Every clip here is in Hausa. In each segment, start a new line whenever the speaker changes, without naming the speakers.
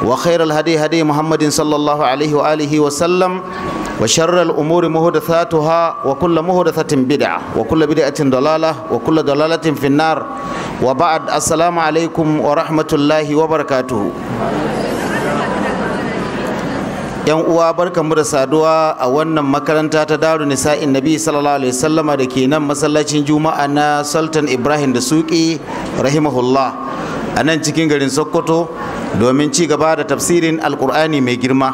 وخير الهدي هدي محمد صلى الله عليه وآله وسلم وشر الأمور مهدثاتها وكل مهدثة بدعة وكل بدعة ضلالة وكل ضلالة في النار وبعد السلام عليكم ورحمة الله وبركاته yan uwa mu da saduwa a wannan makaranta ta daru nisa'in nabi sallallahu alaihi wasallama da ke nan masallacin juma'a na sultan ibrahim da suki rahimahullah a nan cikin garin sokoto domin ci gaba da tafsirin alkur'ani mai girma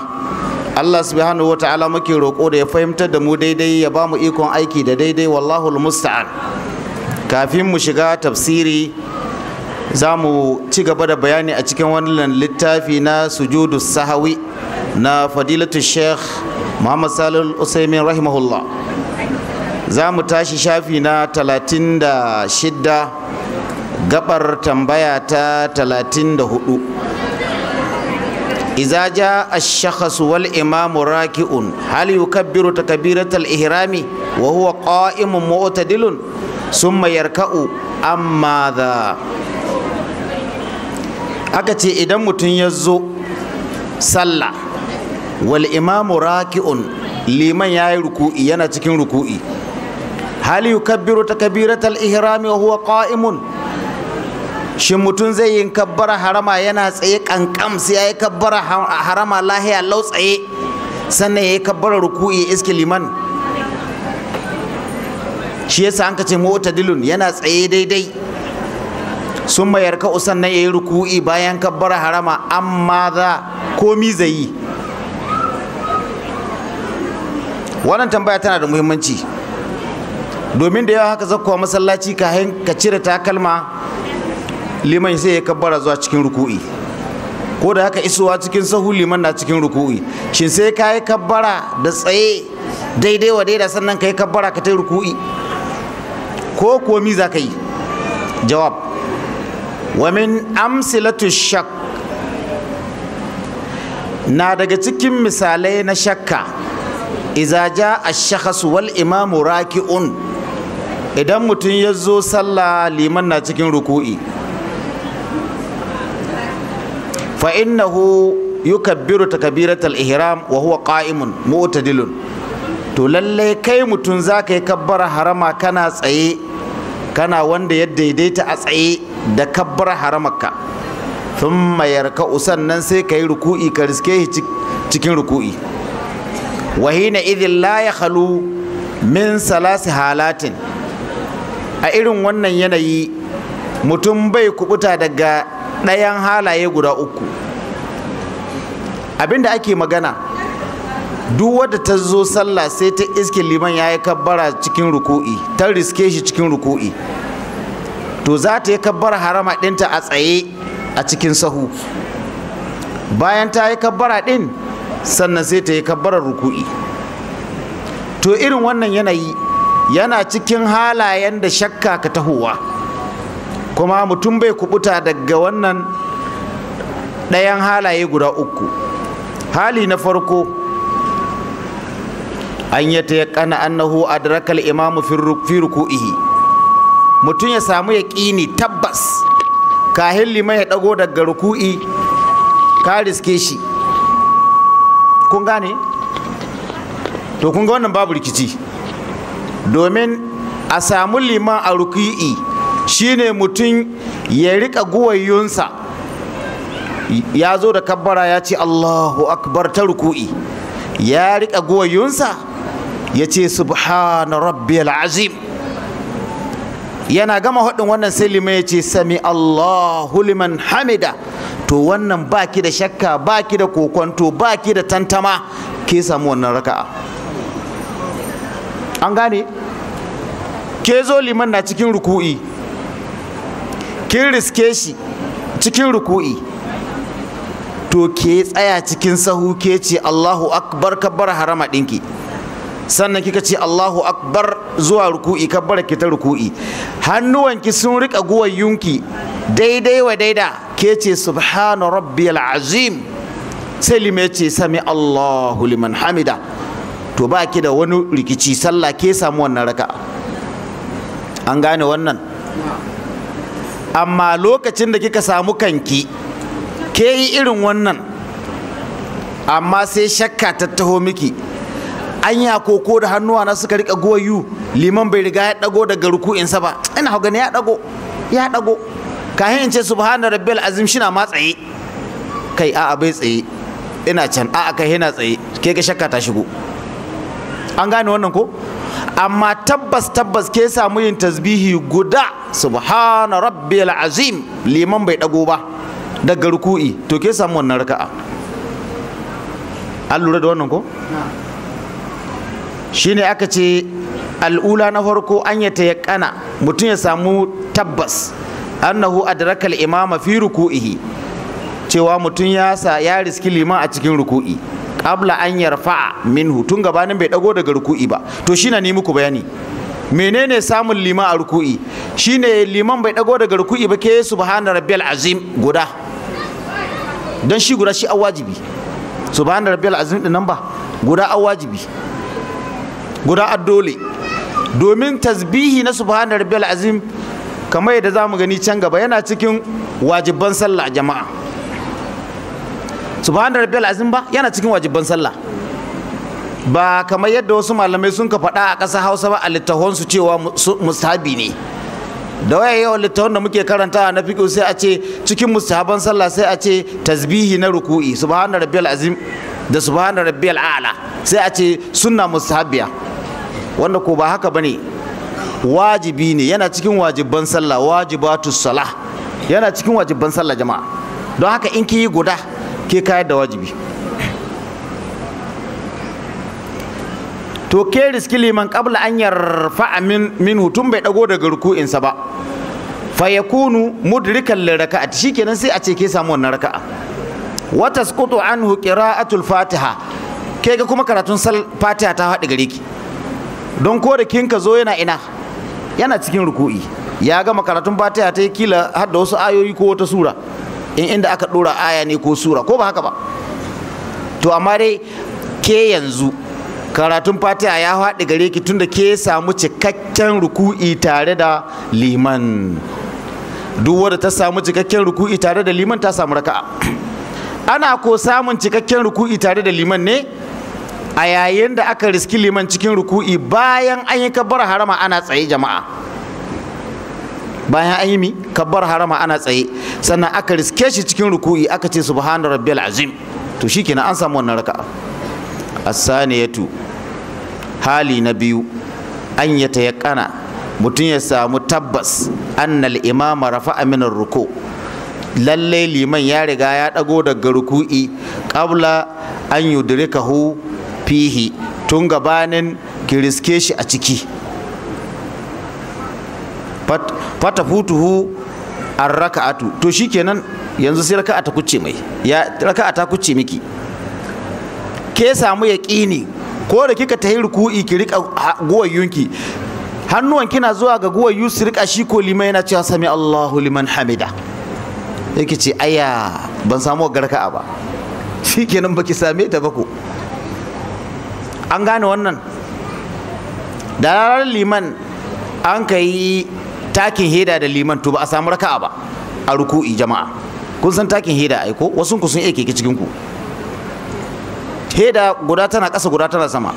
allah subhanahu wata'ala muke roƙo da ya fahimtar da mu daidai ya ba mu ikon aiki da daidai wallahu musta'an kafin mu shiga tafsiri za mu ci gaba da bayani a cikin wannan littafi na sujudu sahawi na fadilatu sheikh muhammad salil usaimin rahimahullah za mu tashi shafi na talatin da shidda gabar tambaya ta 34 iza ja ash-shakhs wal imam raki'un hal yukabbiru takbirat al-ihrami wa huwa qa'imun mu'tadilun summa yarka'u amma da. aka ce idan mutum ya zo sallah wal imam raki'un liman yayi ruku'i yana cikin ruku'i hal yukabbiru al ihrami wa huwa qa'imun shin mutum zai yi kabbara harama yana tsaye kankam sai ya yi kabbara harama lahiya lau tsaye sannan ya yi kabbara ruku'i iske liman shi yasa an kace mota dilun yana tsaye daidai sun mayar ka sannan ya yi ruku'i bayan kabbara harama amma za komi zai yi wannan tambaya tana da muhimmanci domin da yawa haka zakkuwa masallaci ka cire takalma liman sai ya kabbara zuwa cikin ruku'i ko da haka isowa cikin sahu liman na cikin ruku'i shin sai ka yi kabbara da tsaye daidai wa daida sannan ka yi kabbara ka ta ruku'i ko komi za ka yi jawab wa min amsilatu shak na daga cikin misalai na shakka iza ja ashakhasu wal imamu raki'un idan mutum ya zo sallah liman na cikin ruku'i fa innahu yukabbiru takbiratal ihram wa huwa Mota mu'tadilun to lallai kai mutum za ka yi kabbar harama kana tsaye kana wanda ya daidaita a tsaye da kabbar haramarka sun mayarka sannan sai ka yi ruku'i ka riske cikin ruku'i wahina idin la ya halu min salasi halatin a irin wannan yanayi mutum bai kubuta daga ɗayan halaye guda uku abinda ake magana duk wadda ta zo sallah sai ta iske liman ya yi kabbara cikin ruku'i ta riske shi cikin ruku'i to za ta yi kabbara harama ɗinta a tsaye a cikin sahu bayan ta yi kabbara ɗin sannan sai ta yi kabbara ruku'i to irin wannan yanayi yana cikin halayen da shakka ka tahowa kuma mutum bai kubuta daga wannan ɗayan halaye guda uku hali na farko an yi ta kana annahu adrakal imamu fi ruku'ihi mutum ya samu yaƙini tabbas kahin liman ya ɗago daga ruku'i ka riske shi kun gane to kun ga wannan babu rikici domin a samu liman a ruku'i shine mutum ya rika guwayunsa ya zo da kabbara ya ce Allahu akbar ta ruku'i ya rika guwayunsa ya ce subhana rabbi azim yana gama haɗin wannan silima ya ce sami Allahu liman hamida to wannan baki da shakka baki da kokonto baki da tantama ke samu wannan raka'a an gane ke zo liman na cikin ruku'i kin riske shi cikin ruku'i to ke tsaya cikin sahu ke ce Allahu akbar kabbar harama ɗinki sannan kika ce Allahu akbar zuwa ruku'i kabbar ki ta ruku'i Hannuwan ki sun riƙa yunki daidai wa daida ke ce subhana rabbiyal azim sai lime ce sami Allahu liman hamida to ba ki da wani rikici sallah ke samu wannan raka an gane wannan amma lokacin da kika samu kanki ke yi irin wannan amma sai shakka ta taho miki anya koko da hannuwa na suka rika goyu liman bai riga ya dago daga ruku'insa ba ina hau gani ya dago ya dago kahin in ce subhana rabbil azim shina ma tsaye kai a'a bai tsaye ina can a'a kai yana tsaye ke ga shakka ta shigo an gane wannan ko amma tabbas tabbas ke samu yin tasbihi guda subhana rabbiyal azim liman bai dago ba daga ruku'i to ke samu wannan raka'a an lura da wannan ko shine aka ce al'ula na farko an ya tayakkana mutum ya samu tabbas annahu adrakal imama fi ruku'ihi cewa mutum ya sa ya riski liman a cikin ruku'i abla an yarfa minhu tun gabanin bai dago daga ruku'i ba to shi na ni muku bayani menene samun lima a ruku'i shine liman bai dago daga ruku'i ba ke subhana rabbiyal azim guda dan shi guda shi awajibi subhana rabbiyal azim din nan ba guda awajibi guda addole domin tasbihi na subhana rabbiyal azim kamar yadda zamu gani can gaba yana cikin wajibban sallah jama'a da rabbiyal azim ba yana cikin wajibban sallah ba kamar yadda wasu malamai sun ka faɗa a ƙasar hausa ba a littahon su cewa mustahabi ne da waya yawan littahon da muke karantawa na fiƙo sai a ce cikin mustahaban sallah sai a ce tasbihi na ruku'i subhana rabbiyal azim da subhana rabbiyal a'la sai a ce sunna mustahabiya wanda ko ba haka bane wajibi ne yana cikin wajibban sallah wajibatus salah yana cikin wajibban sallah jama'a don haka in kiyi yi guda ke kayar da wajibi to ke riski liman kabla an yarfa min hutun tun bai dago daga ruku'insa ba fa yakunu mudrikan li raka'at shikenan sai a ce ke samu wannan raka'a wa tasqutu anhu qira'atul fatiha ke ga kuma karatun sal fatiha ta haɗe gare ki don ko da kin ka zo yana ina yana cikin ruku'i ya gama karatun fatiha ta yi kila hadda wasu ayoyi ko wata sura in inda aka dora aya ne ko sura ko ba haka ba to amma dai ke yanzu karatun fatiha ya haɗi gare ki tunda ke samu cikakken ruku'i tare da liman duk wadda ta samu cikakken ruku'i tare da liman ta samu raka'a ana ko samun cikakken ruku'i tare da liman ne a yayin da aka riski liman cikin ruku'i bayan an yi kabbar harama ana tsaye jama'a bayan an yi mi kabbar harama ana tsaye sannan aka riske shi cikin ruku'i aka ce subhanar rabbiyal azim to kina an samu wannan raka'a as tu, hali na biyu an ya tayakkana mutum ya samu tabbas annal imama rafa'a min ruku lalle liman ya riga ya dago daga ruku'i qabla an yudrikahu fihi tun gabanin ki riske shi a ciki fatafutuhu arraka'atu to shikenan yanzu sai raka'a ta kucce mai ya raka'a ta kucce miki ke samu yaqini ko da kika tahi ruku'i ki rika guwayyunki hannuwan kina zuwa ga guwayyu su rika shi ko limai yana cewa sami Allahu liman hamida yake ce aya ban samu garka'a ba shikenan baki same ta ba an gane wannan da ranar liman an ka takin heda da liman to ba a samu raka'a ba a ruku'i jama'a kun san takin heda aiko ko wasu ku sun aike keke cikin ku heda guda tana ƙasa guda tana sama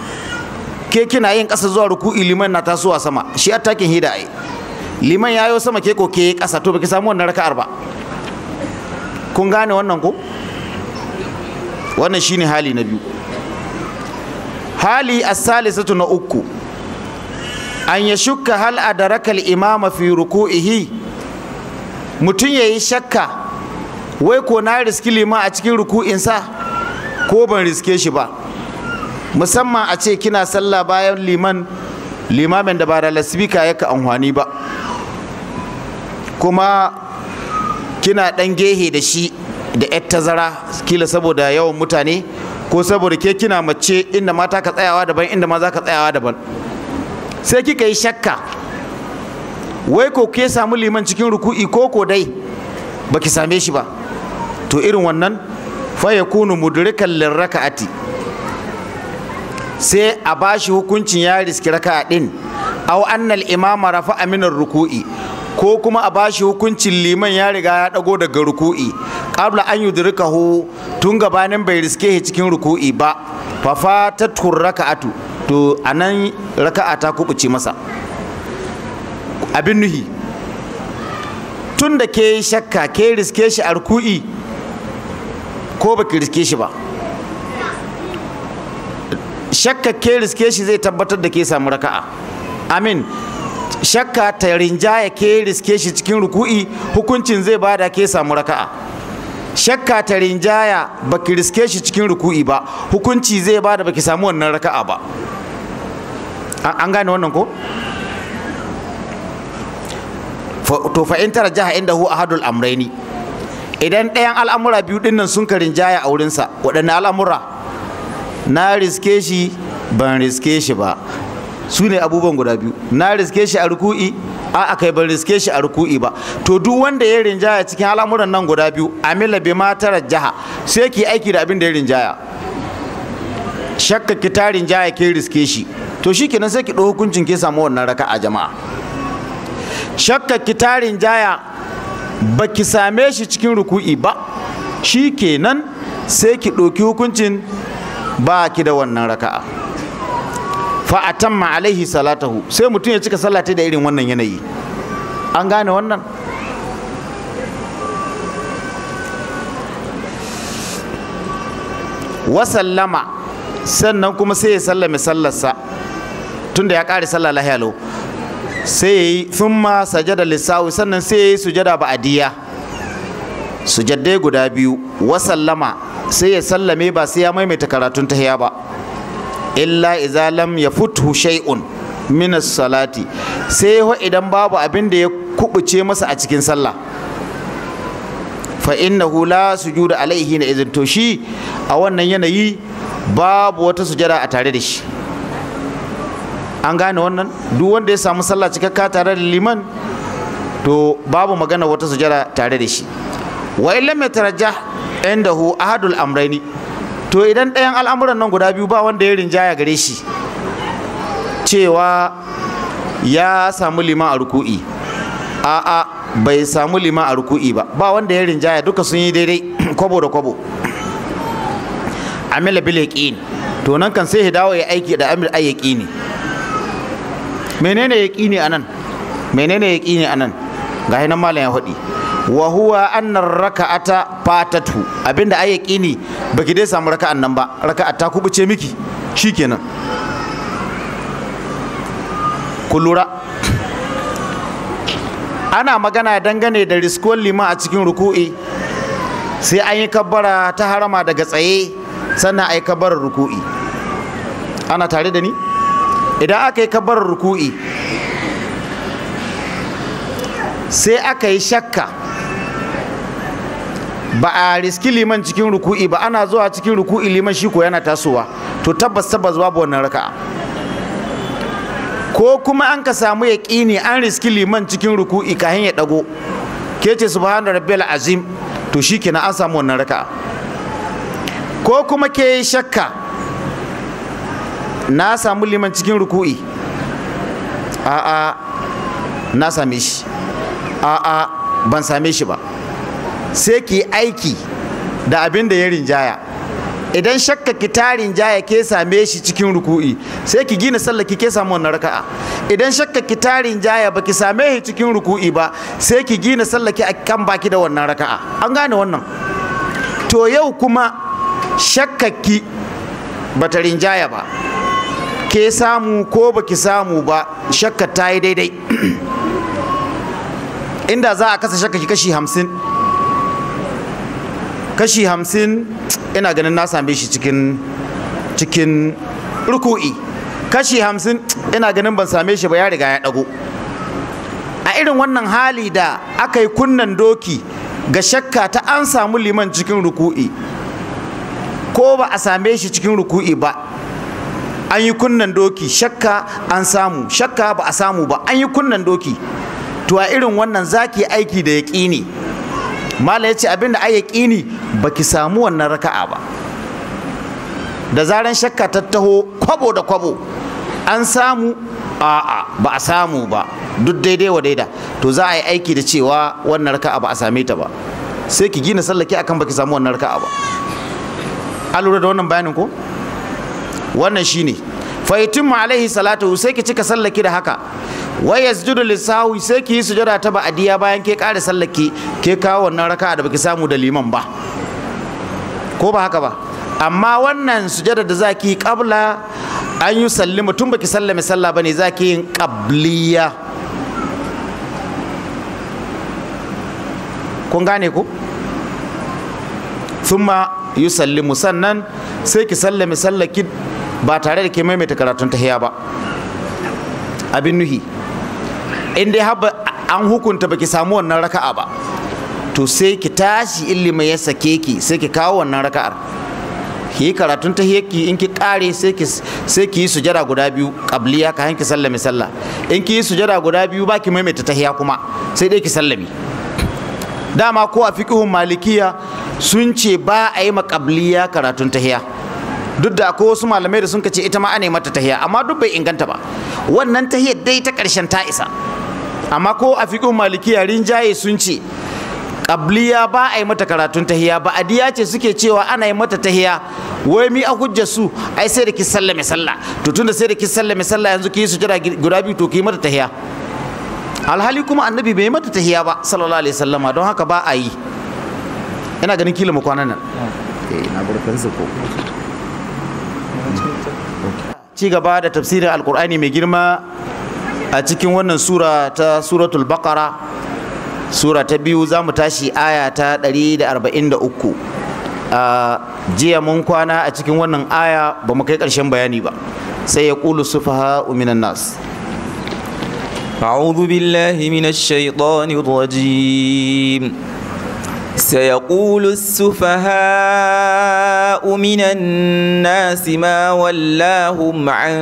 ke kina yin ƙasa zuwa ruku'i liman na tasowa sama shi takin heda ai liman yayo sama ke ko ke ƙasa to baki samu wannan raka'ar ba kun gane wannan ko wannan shine hali na biyu hali as-salisatu na uku an ya shukka hal da rakal imama fi ruku'ihi mutum yi shakka wai ko na riski liman a cikin ruku'insa ko ban riske shi ba musamman a ce kina sallah bayan liman limamin da ba da ya ka amfani ba kuma kina ɗan gehe da shi da yar tazara kila saboda yawan mutane ko saboda ke kina mace inda mata ka tsayawa daban inda ma za ka tsayawa daban sai kika yi shakka wai ko ke samu liman cikin ruku'i ko ko dai baki same shi ba to irin wannan fa yakunu mudrikan lirraka'ati sai a bashi hukuncin ya riski raka'a din aw annal imama rafa'a min ruku'i ko kuma a bashi hukuncin liman ya riga ya dago daga ruku'i qabla an yudrikahu tun gabanin bai riske shi cikin ruku'i ba fa fatatu raka'atu to a nan raka'a ta kubuce masa abin nuhi tun da ke shakka ke riske shi a ruku'i ko baki riske shi ba shakka ke riske shi zai tabbatar da ke samu raka'a amin shakka ta rinjaya ke riske shi cikin ruku'i hukuncin zai bada ke samu raka'a shakka ta rinjaya baki riske shi cikin ruku'i ba hukunci zai bada baki samu wannan raka'a ba an gane wannan ko to fa in tara jaha inda hu ahadul amrayni idan ɗayan al'amura biyu dinnan sun karin jaya a wurinsa waɗanne al'amura na riske shi ban riske shi ba su ne abubuwan guda biyu na riske shi a ruku'i a kai ban riske shi a ruku'i ba to duk wanda ya rinjaya cikin al'amuran nan guda biyu mila bi ma jaha? sai ki aiki da abin da ya rinjaya shakka ki ta rinjaya ke riske shi to shi kenan sai ki ɗau hukuncin ke samu wannan raka jama'a shakka ki tarin jaya ba ki same shi cikin ruku'i ba shi kenan sai ki ɗauki hukuncin ba ki da wannan raka'a fa atamma alaihi salatahu sai mutum ya cika sallata da irin wannan yanayi an gane wannan wasallama sannan kuma sai ya sallame sallarsa tunda ya ƙare sallah lahiyalo sai ya yi sun ma sajada lissawi sannan sai ya yi sujada ba'adiyya sujaddai guda biyu wa sallama sai ya sallame ba sai ya maimaita karatun tahiya ba illa izalam ya fito shai'un minas salati sai idan babu abin da ya kubuce masa a cikin sallah fa hula la sujuda alaihi na izin to shi a wannan yanayi babu wata sujada a tare da shi an gane wannan duk wanda ya samu sallah cikakka tare da liman to babu magana wata sujada tare da shi wa in lam inda hu ahadul amrayni to idan ɗayan al'amuran nan guda biyu ba wanda ya rinjaya gare shi cewa ya samu liman a ruku'i a'a bai samu lima a ruku'i ba ba wanda ya rinjaya duka sun yi daidai kwabo da kwabo amila bil yaqin to nan kan sai hidawa ya aiki da amil ay yaqini menene yaqini anan menene yaqini anan gahi nan malam ya hudi wa huwa anna raka'ata fatatu abinda ay yaqini baki dai samu raka'an nan ba Raka ta kubuce miki shikenan ku lura ana magana dangane da riskuwar liman a cikin ruku'i sai an yi kabbara ta harama daga tsaye sannan a yi kabbarar ruku'i ana tare da ni idan aka yi kabbarar ruku'i sai aka yi shakka ba a riski liman cikin ruku'i ba ana zuwa cikin ruku'i liman shi ko yana tasowa to tabbas tabbas babu wannan raka'a ko kuma an ka samu ƙini an riski liman cikin ruku'i kahin ya ɗago ke ce subhanu rabbil azim to shi kina an samu wannan raka ko kuma ke yi shakka na samu liman cikin ruku'i a'a na same shi a'a ban same shi ba sai ki aiki da abin da ya rinjaya idan shakka ki tarin jaya ke same shi cikin ruku'i sai ki gina sallah ki ke samu wannan raka'a idan shakka ki tarin jaya baki same shi cikin ruku'i ba sai ki gina sallah ki kan baki da wannan raka'a an gane wannan to yau kuma shakkaki bata rinjaya ba ke samu ko baki samu ba shakka ta yi daidai inda za a kasa shakka ki kashi hamsin kashi hamsin ina ganin na same shi cikin cikin ruku'i kashi hamsin ina ganin ban same shi ba ya riga ya ɗago a irin wannan hali da aka yi kunnan doki ga shakka ta an samu liman cikin ruku'i ko ba a same shi cikin ruku'i ba an yi kunnan doki shakka an samu shakka ba a samu ba an yi kunnan doki to a irin wannan zaki aiki da ne. mala ya ce abin da ai ba baki samu wannan raka'a ba da zaran shakka ta taho kwabo da kwabo an samu a'a ba a samu ba duk daidai wa daida to za a yi aiki da cewa wannan raka'a ba a same ta ba sai ki gina sallake akan baki samu wannan raka'a ba an lura da wannan bayanin ko wannan shine fa yatimmu alaihi salatu sai ki cika sallake da haka wa yasjudu lisawi sai ki yi sujada ta ba'diya bayan ke kare sallaki ke kawo wannan raka'a da baki samu da liman ba ko ba haka ba amma wannan sujada da zaki qabla an yi sallima tun baki sallame sallah bane zaki yin qabliya kun gane ku thumma yusallimu sannan sai ki sallame sallaki ba tare da ke maimaita karatun tahiya ba abin nuhi in dai haba an hukunta baki samu wannan raka'a ba to sai ki tashi ilimin ya sake ki sai ki kawo wannan raka'ar ki yi karatun ta ki in ki kare sai ki yi sujada guda biyu kabliya ka hanki sallame sallah in ki yi sujada guda biyu ba ki maimaita tahiya kuma sai dai ki sallami dama ko a fiqhun malikiya sun ce ba a yi makabliya karatun tahiya duk da akwai wasu malamai da sun ce ita ma ana mata tahiya amma duk bai inganta ba wannan tahiyar dai ta karshen ta isa amma ko a fiƙin malikiya rinjaye sun ce ƙabliya ba a yi mata karatun tahiya ba adiya ce suke cewa ana yi mata tahiya wai mi a hujja su ai sai da ki sallame sallah to tunda sai da ki sallame sallah yanzu ki yi sujada guda biyu to ki mata tahiya alhali kuma annabi bai yi mata tahiya ba sallallahu alaihi wasallama don haka ba a yi ina ganin kila mu kwana nan eh na barkan su ko ci gaba da tafsirin alqur'ani mai girma a cikin wannan sura ta suratul baqara sura ta biyu za mu tashi aya ta 143 a jiya mun kwana a cikin wannan aya ba mu kai ƙarshen bayani ba sai ya ƙulu sufaha
uminan nas أعوذ بالله من سيقول السفهاء من الناس ما ولاهم عن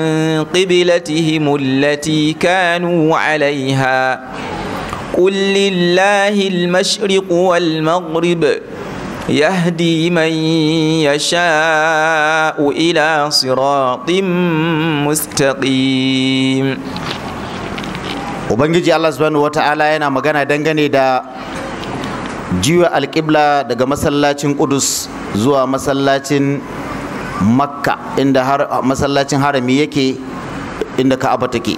قبلتهم التي كانوا عليها قل لله المشرق والمغرب يهدي من يشاء الى صراط
مستقيم وبنجي الله سبحانه وتعالى أنا yana دنجاني دا jiwa alƙibla daga masallacin ƙudus zuwa masallacin makka inda masallacin harami yake inda ka'aba take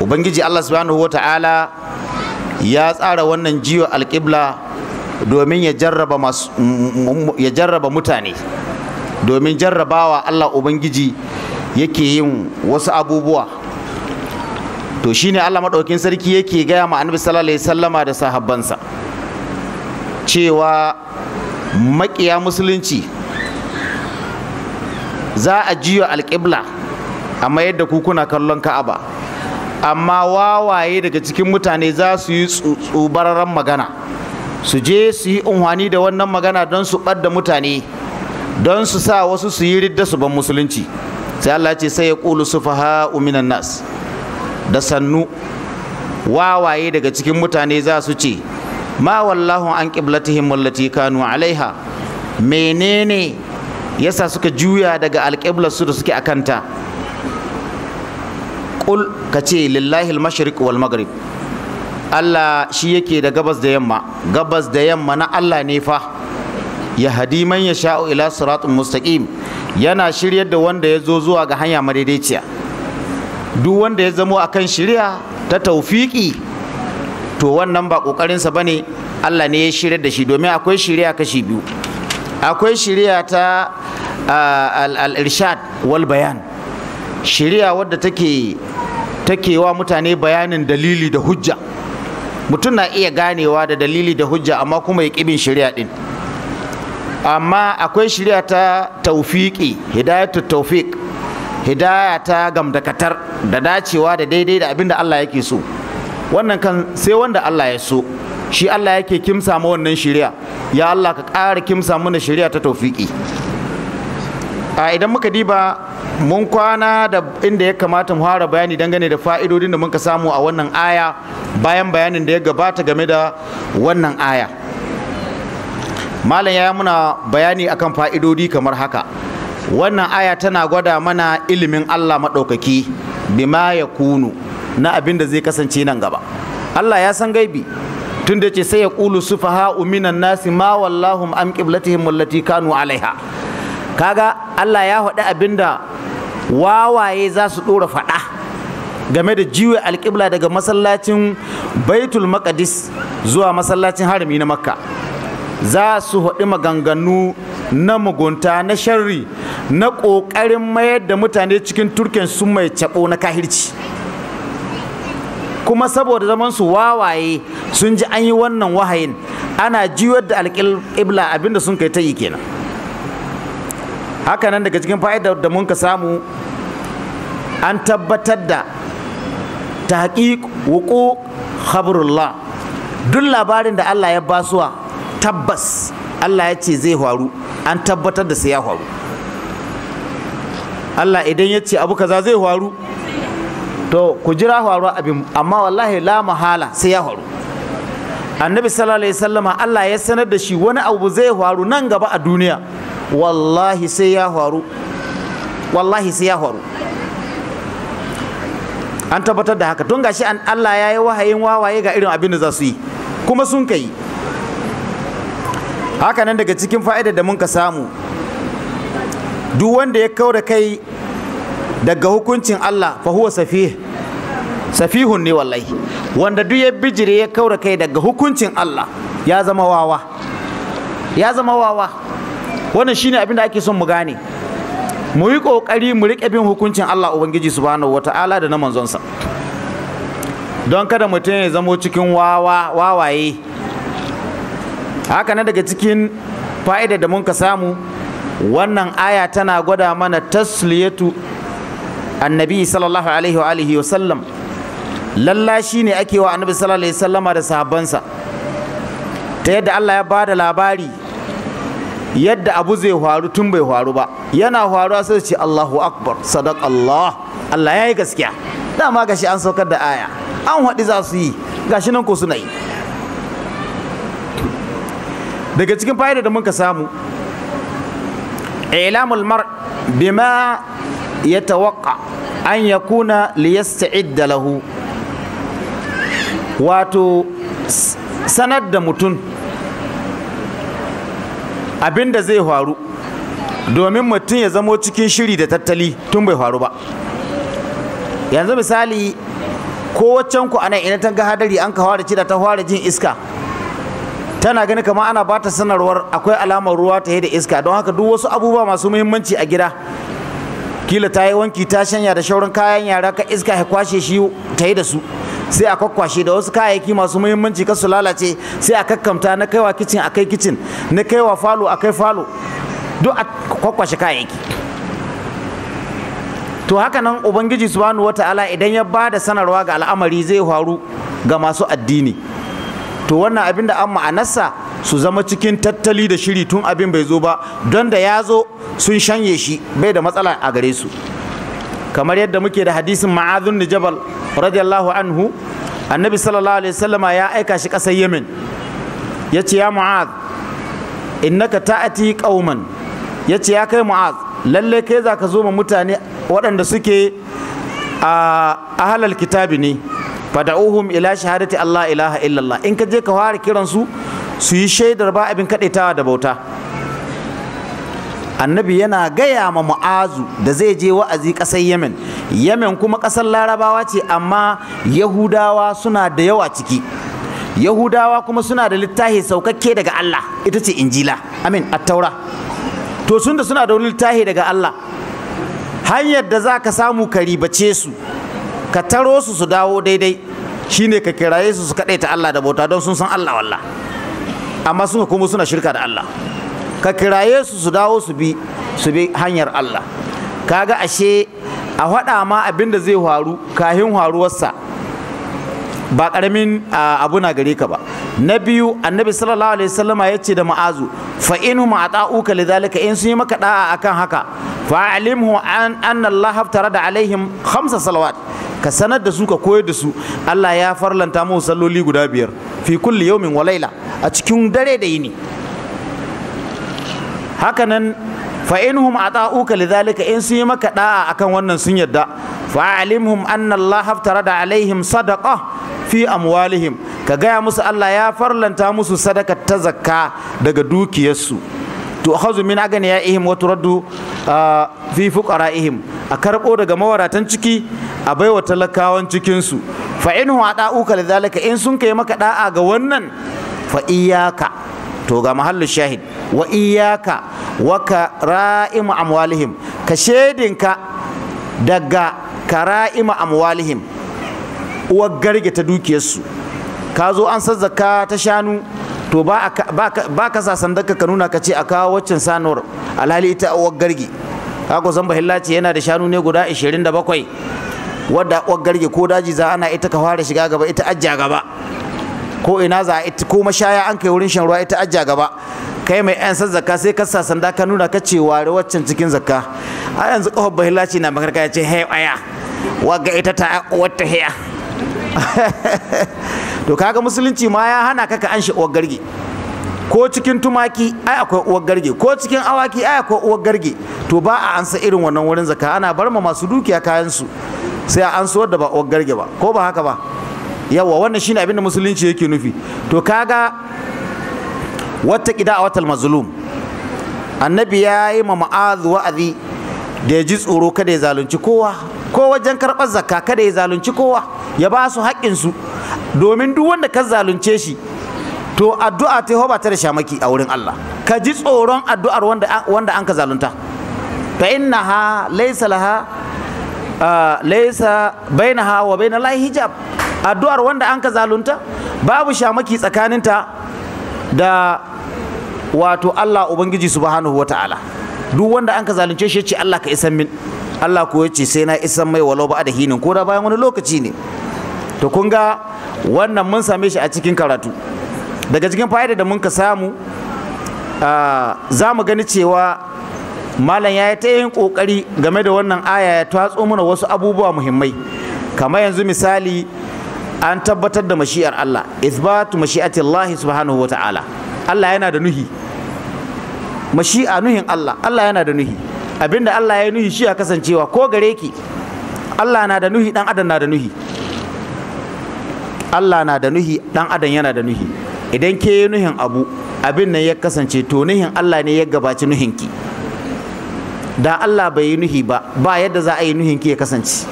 ubangiji allah subhanahu wata'ala ya tsara wannan jiwa alƙibla domin ya jarraba mutane domin jarrabawa allah ubangiji yake yin wasu abubuwa to shine allah maɗaukin sarki yake gaya ma annabi sallallahu alaihi sallama da sahabbansa cewa makiya musulunci za a jiyo alƙibla a mayar da kukuna kallon ka'aba amma wawaye daga cikin mutane za su yi tsubararren magana su je su yi unhwani da wannan magana don su ɓadda mutane don su sa wasu su yi ridda su ban musulunci sai Allah ce sai ya ƙulu faha uminan nas da sannu wawaye daga cikin mutane za su ce ma wallahu an qiblatihim wallati kanu alaiha menene yasa suka juya daga alƙiblar su da suke akanta kul kace lillahi almashriq wal maghrib Allah shi yake da gabas da yamma gabas da yamma na Allah ne fa ya hadi man ya sha'u ila siratun mustaqim yana shiryar da wanda ya zo zuwa ga hanya madaidaiciya duk wanda ya zamo akan shirya ta taufiki to wannan ba ƙoƙarinsa ba ne Allah ne ya shirya da shi domin akwai shirya kashi biyu akwai shirya ta al-irshad wal bayan shirya wadda take take wa mutane bayanin dalili da hujja mutum na iya ganewa da dalili da hujja amma kuma ya ƙibin shirya ɗin amma akwai shirya ta taufiƙi hidayatu taufiq hidaya ta gamdakatar da dacewa da daidai da abin da Allah yake so wannan kan sai wanda Allah ya so shi Allah yake kimsa ma wannan shari'a ya Allah ka ƙara kimsa mana shari'a ta taufiki a idan muka diba mun kwana da inda ya kamata mu fara bayani dangane da fa'idodin da muka samu a wannan aya bayan bayanin da ya gabata game da wannan aya malam ya muna bayani akan fa'idodi kamar haka wannan aya tana gwada mana ilimin Allah maɗaukaki bima ya kunu na abin da zai kasance nan gaba Allah ya san gaibi tun da ce sai ya ƙulu sufaha'u uminan nasi ma wallahum am qiblatihim allati kanu alaiha kaga Allah ya faɗi abin da wawaye za su ɗora faɗa game da jiwe alƙibla daga masallacin baitul maqdis zuwa masallacin harami na makka za su haɗi maganganu na mugunta na sharri na ƙoƙarin mayar da mutane cikin turken sun mai caɓo na kahirci kuma saboda zaman su wawaye sun ji an yi wannan wahayin ana jiwar da alƙibla abinda sun kai ta yi kenan hakanan daga cikin fa'idar da mun ka samu an tabbatar da tahqiq wuƙo khabrullah duk labarin da Allah ya basuwa tabbas Allah ya ce zai faru an tabbatar da sai ya faru Allah idan ya ce abu kaza zai faru to ku jira horo abin amma wallahi la mahala sai ya faru annabi sallallahu alaihi wasallam Allah ya sanar da shi wani abu zai faru nan gaba a duniya wallahi sai ya faru wallahi sai ya faru an tabbatar da haka tun gashi an Allah ya yi wahayin wawaye ga irin abin da za su yi kuma sun kai haka nan daga cikin fa'idar da mun ka samu duk wanda ya kaura kai daga hukuncin Allah fa huwa safih safihun ne wallahi wanda duk ya bijire ya kaura kai daga hukuncin Allah ya zama wawa ya zama wawa wannan shine abin da ake son mu gane mu yi kokari mu rike bin hukuncin Allah ubangiji subhanahu wata'ala da na manzonsa don kada mutum ya zamo cikin wawa wawaye haka na daga cikin fa'ida da mun ka samu wannan aya tana gwada mana tasliyatu annabi sallallahu alaihi wa alihi wa sallam lallashi ne ake wa annabi sallallahu alaihi sallama da sahabbansa ta yadda Allah ya bada labari yadda abu zai faru tun bai faru ba yana faruwa sai ce Allahu akbar sadaq Allah Allah yayi gaskiya dama gashi an saukar da aya an haɗi za su yi gashi nan ko suna yi daga cikin fa'ida da muka samu ilamul mar bima yatawaqqa an yakuna liyasta'idda lahu wato sanar da mutum abinda zai faru domin mutum ya zamo cikin shiri da tattali tun bai faru ba yanzu misali ko waccan ku ana ina ta ga hadari an ka fara da ta fara jin iska tana gani kamar ana ba ta sanarwar akwai alamar ruwa ta da iska don haka duk wasu abubuwa masu muhimmanci a gida kila ta yi wanki ta shanya da shauran kayan yara ka iska ya kwashe shi ta yi da su sai a kwakwashe da wasu kayayyaki masu muhimmanci su lalace sai a kakkamta na kaiwa kicin akai kicin na kaiwa falo akai falo duk a kwakwashe kayayyaki to haka nan ubangiji subhanahu wata'ala idan ya ba da sanarwa ga al'amari zai faru ga masu addini to wannan abin da an ma'anarsa su zama cikin tattali da shiri tun abin bai zo ba don da ya zo sun shanye shi bai da matsala a gare su kamar yadda muke da hadisin ma'azun ni jabal radiyallahu anhu annabi sallallahu alaihi wasallama ya aika shi ƙasar yamin, ya ce ya mu'az innaka ta'ati qauman ya ce ya kai mu'az lalle kai za ka zo ma mutane waɗanda suke a ahalal kitabi ne fada'uhum ila shahadati Allah ilaha illallah in ka je ka fara kiran su su yi shaidar ba abin kadaitawa da bauta annabi yana gaya ma mu'azu da zai je wa'azi ƙasar yemen yemen kuma ƙasar larabawa ce amma yahudawa suna da yawa ciki yahudawa kuma suna da littafi saukakke daga allah ita ce injila amin attaura to sun da suna da wani littafi daga allah hanyar da za ka samu ka ribace su ka taro su su dawo daidai shine ka kiraye su su ta Allah da bauta don sun san Allah walla amma suka kuma suna shirka da Allah ka kiraye su su dawo su bi su bi hanyar Allah kaga ashe a faɗa ma abin da zai faru kahin faruwarsa ba karamin abu na gare ka ba na biyu annabi sallallahu alaihi wasallama ya ce da ma'azu fa inu ma ata'uka lidhalika in sun yi maka da'a akan haka fa alimhu an anna Allah haftara da alaihim khamsa salawat ka sanar da su ka koyar da su Allah ya farlanta mu salloli guda biyar fi kulli yawmin wa laila a cikin dare da yini hakanan fa inhum ata'uka lidhalika in sun yi maka da'a akan wannan sun yadda fa alimhum anna Allah haftara da alaihim sadaqa fi amwalihim ka gaya musu Allah ya farlanta musu sadaka ta zakka daga dukiyarsu to khazu min agani ya ihim wa turaddu ah, fi fuqara'ihim a karbo daga mawaratan ciki a baiwa talakawan cikinsu fa in huwa da'uka lidhalika in sun kai maka da'a ga wannan fa iyaka to ga mahallu shahid wa iyaka wa kara'im amwalihim ka shedinka daga kara'im amwalihim uwar garge ta dukiyarsu ka zo an sazzaka ta shanu to ba ka sa sandarka ka nuna ka ce a kawo waccan sanuwar alhali ita uwar garge kago bahilla ce yana da shanu ne guda 27 wadda uwar garge ko daji za ana ita ka fara shiga gaba ita ajiya gaba ko ina za a ita ko mashaya an kai wurin shan ruwa ita ajiya gaba kai mai yan san zakka sai ka sa sanda ka nuna ka ce ware waccan cikin zakka a yanzu kafar ce na makarka ya ce hey aya wagga ita ta wata hiya to kaga musulunci ma ya hana ka ka an shi uwar garge ko cikin tumaki ai akwai uwar garge ko cikin awaki ai akwai uwar garge to ba a ansa irin wannan wurin zaka ana bar ma masu dukiya kayansu su sai an so da ba uwar garge ba ko ba haka ba yawa wannan shine abin da musulunci yake nufi to kaga wata kida a watal mazlum annabi ya yi ma ma'azu wa'azi da ya ji tsoro kada ya zalunci kowa ko wajen karɓar zakka kada ya zalunci kowa ya ba su haƙƙinsu domin duk wanda ka zalunce shi to addu'a ta ba ta da shamaki a wurin Allah ka ji tsoron addu'ar wanda wanda an ka zalunta fa ha laysa laha laysa bainaha wa lahi hijab addu'ar wanda an ka zalunta babu shamaki tsakaninta da wato Allah ubangiji subhanahu wataala duk wanda an ka zalunce shi ya ce Allah ka isan min Allah ko yace sai na isan mai walau ba da hinin ko da bayan wani lokaci ne to kun ga wannan mun same shi a cikin karatu daga cikin fa'ida da mun ka samu za mu gani cewa malam ya yi ta yin kokari game da wannan aya ya tatso mana wasu abubuwa muhimmai kamar yanzu misali an tabbatar da mashi'ar Allah isbatu Allah subhanahu wa ta'ala Allah yana da nuhi mashi'a nuhin Allah Allah yana da nuhi abinda Allah ya nuhi shi a kasancewa ko gare ki Allah na da nuhi dan adam na da nuhi Allah na da nuhi dan adam yana da nuhi idan ke yi nuhin abu abin nan ya kasance to nuhin Allah ne ya gabaci nuhin ki? da Allah bai yi nuhi ba ba yadda za a yi nuhin ki ya kasance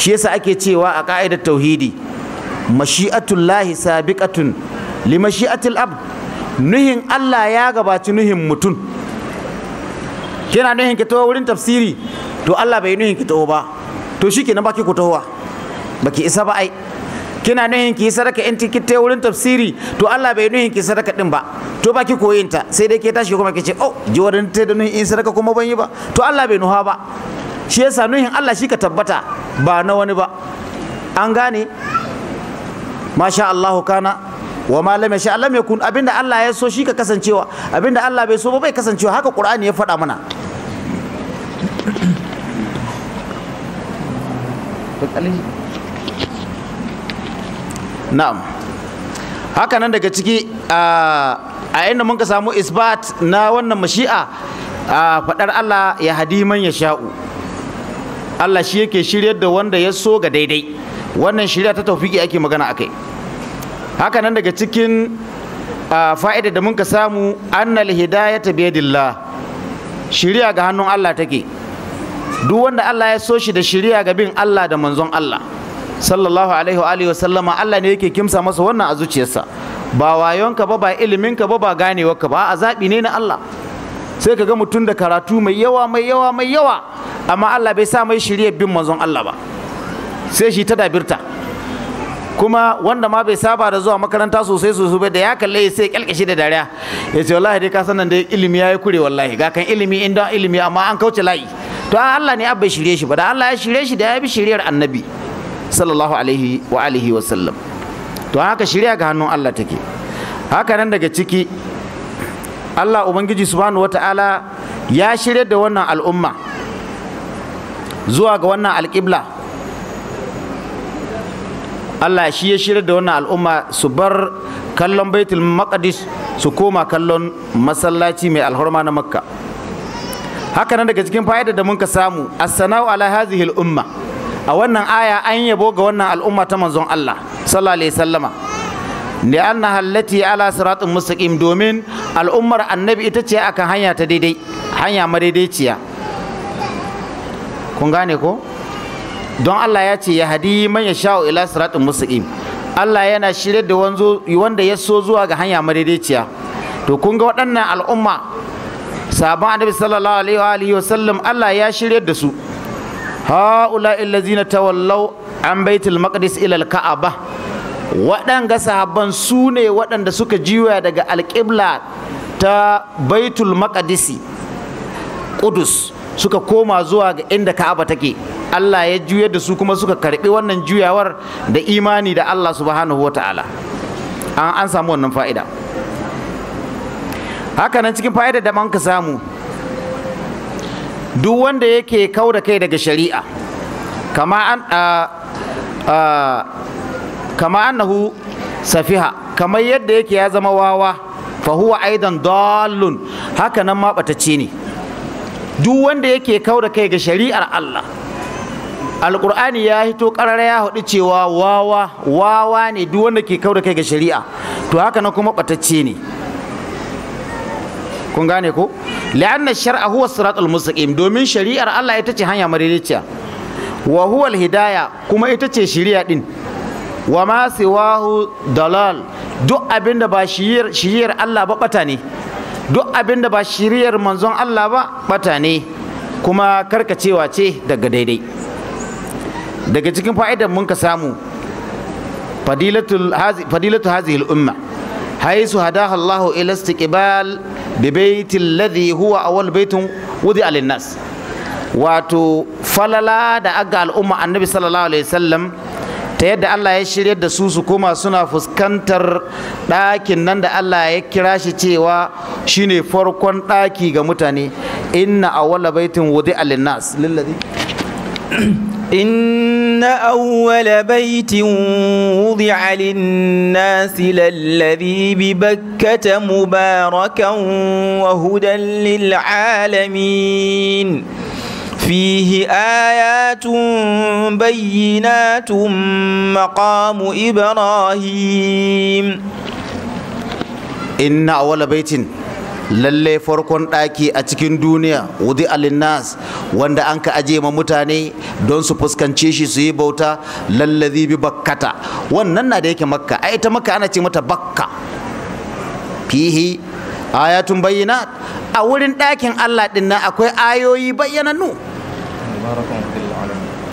shi yasa ake cewa a ka'idar tauhidi mashi'atullahi sabiqatun li mashi'atil abd nuhin Allah ya gabaci nuhin mutum kina nuhin ki taho wurin tafsiri to Allah bai nuhin ki taho ba to shi kenan baki ku tahowa baki isa ba ai kina nuhin ki sadaka in ki taho wurin tafsiri to Allah bai nuhin ki sadaka din ba to baki koyin ta sai dai ke tashi kuma kace oh ji wadan ta da nuhin in sadaka kuma ban yi ba to Allah bai nuha ba shi yasa nuhin Allah shi ka tabbata ba na wani ba an gane masha Allah kana wa ma lam yasha lam yakun abinda Allah ya so shi ka kasancewa abinda Allah bai so ba bai kasancewa haka Qur'ani ya faɗa mana na'am hakanan daga ciki a inda mun ka samu isbat na wannan mashi'a a faɗar Allah ya hadi man ya sha'u Allah shi yake shiryar da wanda ya so ga daidai wannan shirya ta taufiki ake magana akai hakanan daga cikin fa'ida da mun ka samu annal hidayata biyadillah shirya ga hannun Allah take duk wanda Allah ya so shi da shiriya ga bin Allah da manzon Allah sallallahu alaihi wa alihi sallama Allah ne yake kimsa masa wannan a zuciyarsa ba wayonka ba ba iliminka ba ba ganewarka ba a zabi ne na Allah sai ka ga mutum da karatu mai yawa mai yawa mai yawa amma Allah bai sa mai shiriyar bin manzon Allah ba sai shi ta dabirta kuma wanda ma bai saba da zuwa makaranta sosai sosai ba da ya kalle sai kalkashi da dariya ya ce wallahi dai ka san nan dai ilimi yayi kure wallahi ga kan ilimi inda ilimi amma an kauce layi to Allah ne abba shirye shi ba da Allah ya shirye shi da ya bi shiryar annabi sallallahu alaihi wa alihi wa sallam to haka shirya ga hannun Allah take haka nan daga ciki Allah ubangiji subhanahu wata'ala ya shirya da wannan al'umma zuwa ga wannan alƙibla Allah shi ya shirya da wannan al'umma su bar kallon baitul maqdis su koma kallon masallaci mai alhorma na makka haka nan daga cikin fa'idar da muka samu as-sana'u ala hadhihi al-umma a wannan aya an yabo ga wannan al'umma ta manzon Allah sallallahu alaihi sallama ne an na hallati ala siratin mustaqim domin al'ummar annabi ita ce akan hanya ta daidai hanya madaidaiciya kun gane ko don Allah ya ce ya hadi man ya sha'u ila siratin mustaqim Allah yana shirye da wanda ya so zuwa ga hanya madaidaiciya to kun ga waɗannan al'umma sabon annabi sallallahu alaihi wa alihi wasallam Allah ya shiryar da su haula illazina tawallaw an baitul maqdis ila al-ka'aba waɗanga sahabban sune ne waɗanda suka jiwa daga alƙibla ta baitul maqdis ƙudus suka koma zuwa ga inda ka'aba take Allah ya juyar da su kuma suka karɓi wannan juyawar da imani da Allah subhanahu wataala an an samu wannan fa'ida haka nan cikin fa'idar da manka samu duk wanda yake kau da kai daga shari'a kama an kama annahu safiha kamar yadda yake ya zama wawa fa huwa aidan dallun haka nan ma batacce ne duk wanda yake kau da kai ga shari'ar Allah alƙur'ani ya hito ƙarar ya haɗu cewa wawa wawa ne duk wanda ke kau da kai ga shari'a to haka nan kuma batacce ne kun gane ko la'anna shar'a huwa siratul mustaqim domin shari'ar Allah ita ce hanya madaidaiciya wa huwa hidaya kuma ita ce shari'a din wa ma siwahu dalal duk abinda ba shiriyar Allah ba bata ne duk abinda ba shiriyar manzon Allah ba bata ne kuma karkacewa ce daga daidai daga cikin fa'idar mun ka samu fadilatu hazihil umma haisu hadaha Allah ila istiqbal ببيت الذي هو أول بيت وضع للناس wato falala da aga al'umma annabi sallallahu alaihi wasallam ta yadda Allah ya shirya da su su koma suna fuskantar ɗakin nan da Allah ya kira shi cewa shine farkon ɗaki ga mutane inna awwala baitin wudi alinnas lillazi
إن أول بيت وضع للناس للذي ببكة مباركا وهدى للعالمين فيه آيات بينات مقام إبراهيم
إن أول بيت lalle farkon ɗaki a cikin duniya wudi alinnas wanda an ka aje ma mutane don su fuskance shi su yi bauta lallazi bi bakkata wannan na da yake makka a ita makka ana ce mata bakka fihi ayatun bayyana a wurin ɗakin allah ɗin nan akwai ayoyi bayyananu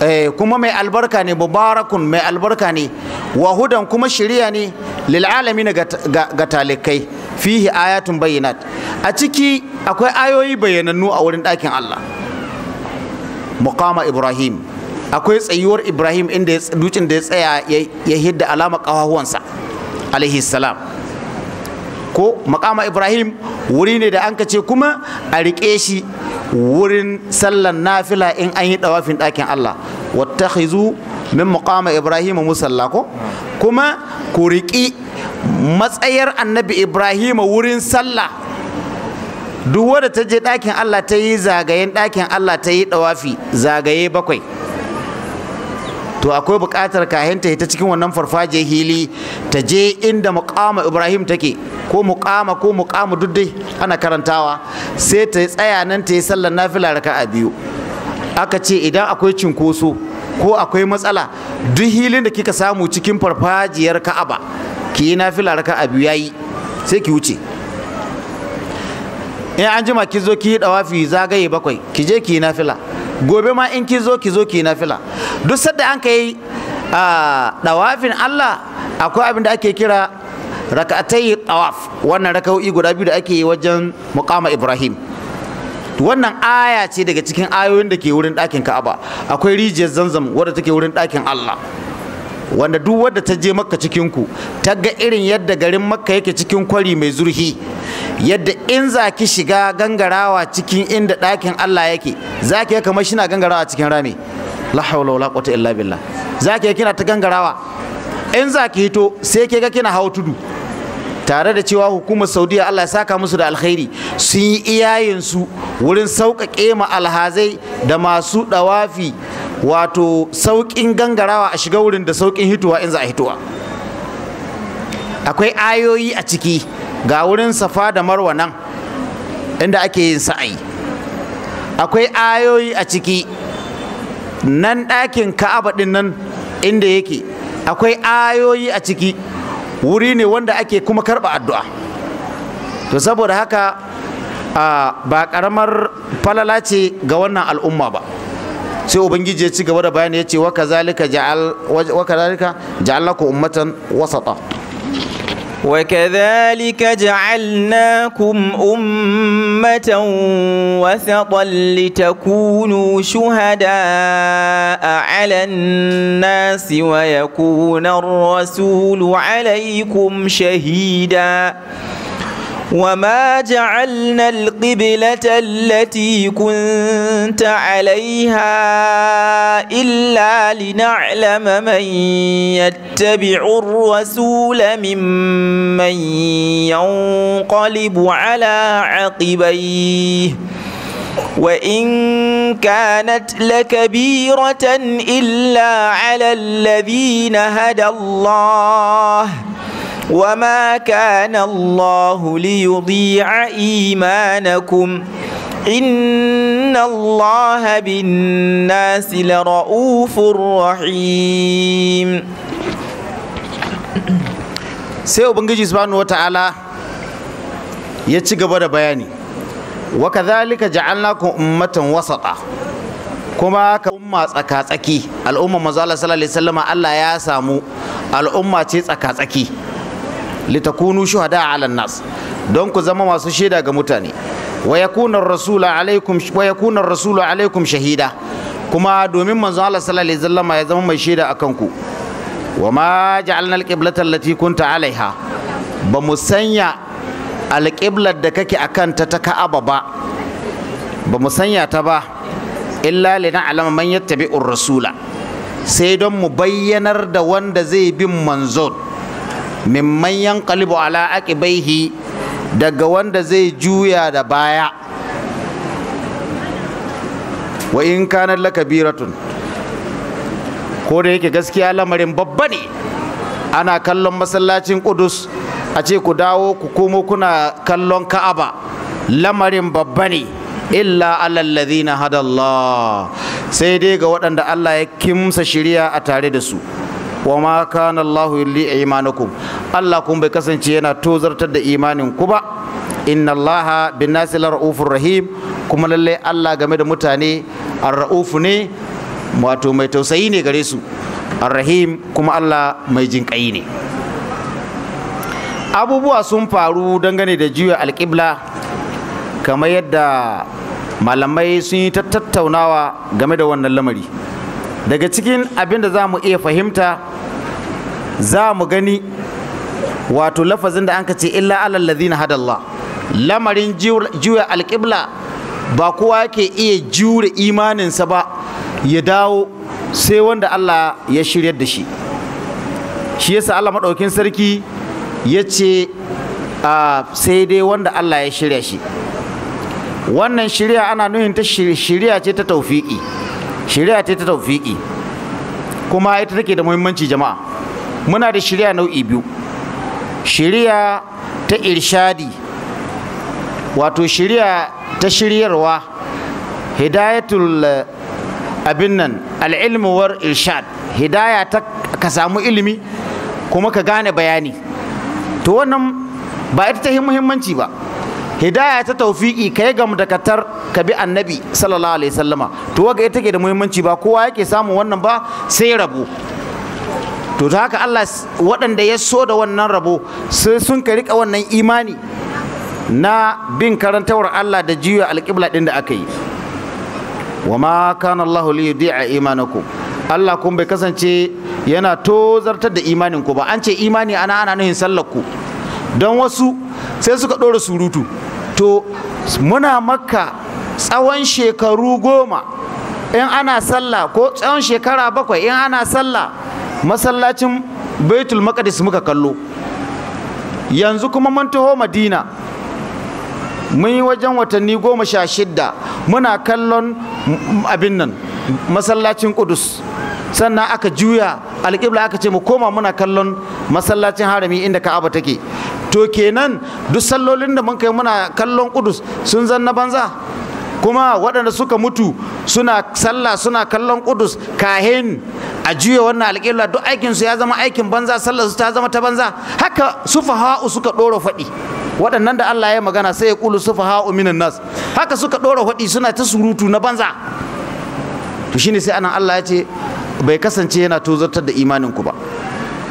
Eh, kuma mai albarka ne mubarakun mai albarka ne wahudan kuma shirya ne lil'alami ga talikai fihi ayatun bayyinat a ciki akwai ayoyi bayyanannu a wurin ɗakin Allah muqama Ibrahim akwai tsayuwar Ibrahim inda dutsen da ya tsaya ya hidda alama ƙafafuwansa alaihi salam ko muƙama Ibrahim wuri ne da an ce kuma a riƙe shi wurin sallan nafila in an yi ɗawafin ɗakin Allah wattakhizu min muqama ibrahim musalla ko kuma ku riƙi matsayar annabi ibrahim wurin sallah duk wanda ta je ɗakin allah ta yi zagayen ɗakin allah ta yi ɗawafi zagaye bakwai to akwai buƙatar kahinta ta cikin wannan farfajiyar hili ta je inda muƙama ibrahim take ko muƙama ko muƙama duk dai ana karantawa sai ta tsaya nan ta yi sallar nafila raka'a biyu aka ce idan akwai cinkoso ko akwai matsala duk hilin da kika samu cikin farfajiyar ka'aba ki yi nafila raka abu yayi sai ki wuce in an jima ki zo ki yi dawafi zagaye bakwai ki je ki yi nafila gobe ma in ki zo ki zo ki yi nafila duk sadda an kai dawafin Allah akwai abin da ake kira raka'atai tawaf wannan raka'o'i guda biyu da ake yi wajen muqama Ibrahim wannan aya ce daga cikin ayoyin da ke wurin ɗakin Ka'aba akwai rijiyar zanzam wadda take wurin ɗakin Allah wanda duk wadda ta je makka cikinku, ta ga irin yadda garin makka yake cikin kwari mai zurfi yadda in za ki shiga gangarawa cikin inda ɗakin Allah yake za ki kamar shi na gangarawa cikin rami la hawla wala quwwata illa billah za ki kina ta gangarawa in za ki hito sai ke ga kina hawo tudu tare da cewa hukumar saudiya allah ya saka musu da alkhairi sun yi iyayensu wurin sauƙaƙe ma alhazai da masu ɗawafi wato sauƙin gangarawa a shiga wurin da sauƙin hituwa in za a hituwa akwai ayoyi a ciki ga wurin safa da marwa nan inda ake yin sa'ayi akwai ayoyi a ciki nan ɗakin ka'aba ɗin nan inda yake akwai ayoyi a ciki wuri ne wanda ake kuma karɓa addu'a to saboda haka ba ƙaramar falala ce ga wannan al'umma ba sai ubangiji ya ci gaba da bayani ya ce wa kazalika ja'al wa kazalika ja'alnakum ummatan wasata
وكذلك جعلناكم أمة وسطا لتكونوا شهداء على الناس ويكون الرسول عليكم شهيداً وما جعلنا القبلة التي كنت عليها إلا لنعلم من يتبع الرسول ممن ينقلب على عقبيه وإن كانت لكبيرة إلا على الذين هدى الله ۖ وما كان الله ليضيع إيمانكم إن الله بالناس لرؤوف رحيم
sai ubangiji subhanahu wataala ya ci gaba da bayani wa kadhalika ja'alnakum ummatan wasata kuma ka umma tsaka-tsaki al'umma manzo Allah sallallahu alaihi Allah ya samu al'umma ce tsaka-tsaki litakunu shuhada ala nas don ku zama masu shaida ga mutane wa yakuna rasulu alaikum shahida kuma domin manzon Allah sallallahu alaihi wasallam ya zama mai shaida akan ku wa ma ja'alna alqiblata allati kunta alaiha ba mu sanya alqiblar da kake akan ta ta Ka'aba ba ba mu sanya ta ba illa lina'lama man yattabi'ur rasula sai don mu bayyanar da wanda zai bin manzon mimman yankalibu ala baihi daga wanda zai juya da baya wa in kana lakabiratun ko da yake gaskiya lamarin babba ne ana kallon masallacin kudus a ce ku dawo ku komo kuna kallon ka'aba lamarin babba ne illa alalladhina hadallah sai dai ga waɗanda Allah ya kimsa shirya a tare da su wa ma kana Allah yulli imanukum Allah kun bai kasance yana tozartar da imanin ku ba inna Allah bin nasi ra'ufur rahim kuma lalle Allah game da mutane ar-ra'ufu ne wato mai tausayi ne gare su ar-rahim kuma Allah mai jinƙayi ne abubuwa sun faru dangane da juya alƙibla kamar yadda malamai sun yi tattaunawa game da wannan lamari daga cikin abin da za mu iya fahimta za mu gani wato lafazin da an ka ce illa alal ladina hadallah lamarin juya alƙibla ba kowa yake iya jure imaninsa ba ya dawo sai wanda Allah ya shiryar da shi shi yasa Allah maɗaukin sarki ya ce sai dai wanda Allah ya shirya shi wannan shirya ana nuhin ta shirya ce ta taufiƙi shirya ce ta taufiƙi kuma ita take da muhimmanci jama'a muna da shirya nau'i biyu shirya ta irshadi wato shirya ta shiryarwa hidayatul eh, abin nan al'ilmuwar irshad hidaya ta ka samu ilimi kuma ka gane bayani to wannan ba ita ta muhimmanci ba hidaya ta taufiki kai ga dakatar ka bi annabi sallallahu alaihi sallama to waga ita ke da muhimmanci ba kowa yake samun wannan ba sai rabo to ta haka Allah waɗanda ya so da wannan rabo sai sun ka riƙa wannan imani na bin karantawar Allah da jiya alƙibla ɗin da aka yi wa ma kana Allah li yudi'a imanakum Allah kun bai kasance yana tozartar da imanin ku ba an ce imani ana ana nuhin sallar ku don wasu sai suka ɗora surutu to muna makka tsawon shekaru goma in ana salla ko tsawon shekara bakwai in ana sallah masallacin baitul maqdis muka kallo yanzu kuma mun taho madina mun yi wajen watanni goma sha shidda muna kallon abin nan masallacin kudus sannan aka juya alƙibla aka ce mu koma muna kallon masallacin harami inda ka'aba take to kenan duk sallolin da mun kai muna kallon kudus sun zanna banza kuma waɗanda suka mutu suna sallah suna kallon kudus kahin a juya wannan alƙibla duk aikinsu ya zama aikin banza sallar su ta zama ta banza haka sufa ha'u suka ɗora faɗi waɗannan da Allah ya magana sai ya sufa ha'u minan nas haka suka ɗora faɗi suna ta surutu na banza to shine sai anan Allah ya ce bai kasance yana tozartar da imanin ku ba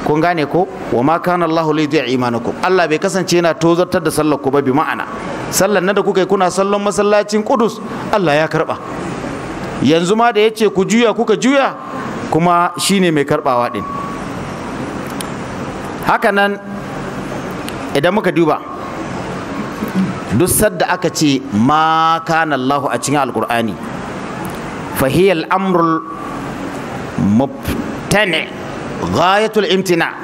kun gane ko wa ma kana Allahu li yudi'a imanakum Allah bai kasance yana tozartar da sallar ku ba bi ma'ana sallar nan da kuka yi kuna sallon masallacin Qudus Allah ya karba yanzu ma da yace ku juya kuka juya kuma shine mai karbawa din haka nan idan muka duba duk sadda aka ce ma kana Allahu a cikin alqur'ani fa hiya al mubtani' ghayatul imtina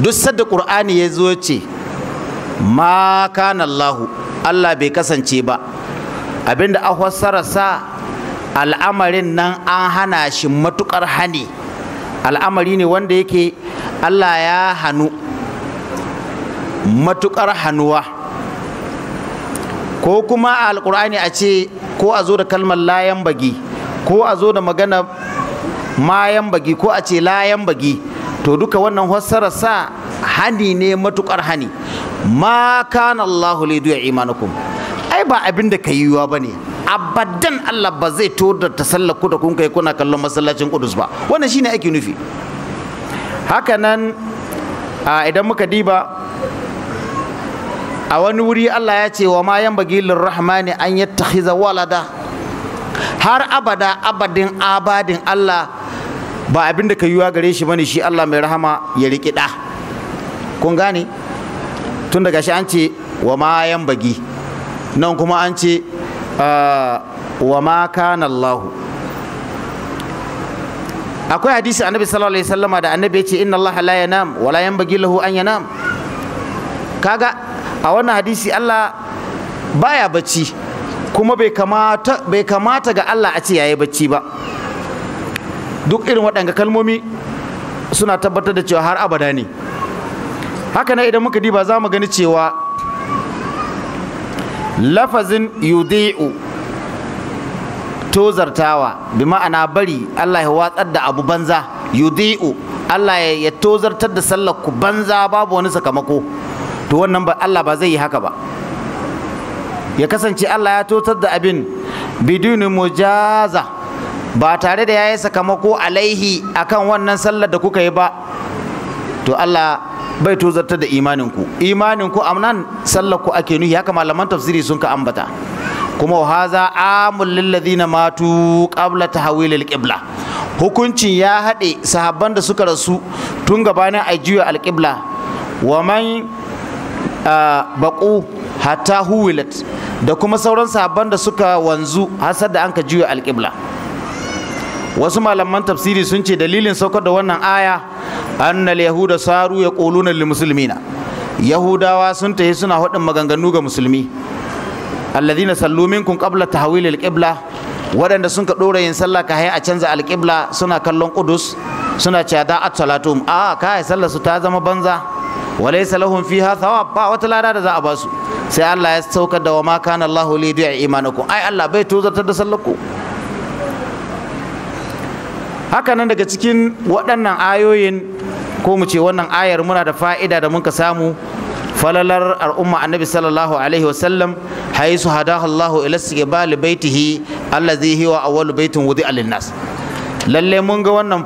duk sadda qur'ani ya zo ce ma kana Allah Allah bai kasance ba abinda a sa al'amarin nan an hana shi matukar hani al'amari ne wanda yake Allah ya hannu matukar hannuwa ko kuma alƙur'ani a ce ko a zo da kalmar layan bagi ko a zo da magana mayan bagi ko a ce layan bagi to duka wannan fassarar sa hani ne matukar hani ma kana Allah li du'a imanakum ai ba abin da kai yiwa bane abadan Allah ba zai to da tasallaku da kun kai kuna kallon masallacin Kudus ba wannan shine ake nufi haka nan idan muka diba a wani wuri Allah ya ce wa ma yan bagi lirrahmani an yattakhiza walada har abada abadin abadin Allah ba abin da ka yiwa gare shi bane shi Allah mai rahama ya riƙi ɗa kun gane tun daga shi an ce wa ma yan bagi nan kuma an ce ah, wa ma kana Allahu akwai hadisi annabi sallallahu alaihi wasallama da annabi ya ce inna Allah la yanam wa la bagi lahu an yanam kaga a wannan hadisi Allah baya bacci kuma bai kamata bai kamata ga Allah a ce yayi bacci ba duk irin waɗanga kalmomi suna tabbatar da cewa har abada ne haka na idan muka diba za mu gani cewa lafazin yudi'u tozartawa bi ma'ana bari Allah ya watsar da abu banza yudi'u Allah ya tozartar da sallar ku banza babu wani sakamako to wannan ba Allah ba zai yi haka ba ya kasance Allah ya tozar da abin biduni mujaza ba tare da ya yi sakamako alaihi kan wannan sallar da kuka yi ba to Allah bai tozartar da imaninku imaninku amnan sallar ku ake nuhi haka malaman tafsiri sun ka ambata kuma haza amul na matu qabla tahwilil qibla hukuncin ya haɗe sahabban da suka rasu tun gabanin ajiyar alƙibla wa man baƙo hatta huwilat da kuma sauran sahabban da suka wanzu har da an ka juya alƙibla wasu malaman tafsiri sun ce dalilin saukar da wannan aya annal yahuda saru ya quluna lil muslimina yahudawa sun tafi suna hudin maganganu ga musulmi alladhina sallu minkum qabla tahwil al-qibla waɗanda sun ka ɗora yin sallah ka a canza alƙibla suna kallon kudus suna cada a at salatum a ka sallar su ta zama banza walaysa lahum fiha thawab ba wata lada da za a basu sai Allah ya saukar da wa ma kana Allahu li du'a imanakum ai Allah bai tozartar da sallar haka nan daga cikin waɗannan ayoyin ko mu ce wannan ayar muna da fa'ida da muka samu falalar al'umma annabi sallallahu alaihi wasallam haisu hadahu Allahu ila sigbali baitihi allazi huwa wani baitin wudi alinnas lalle mun ga wannan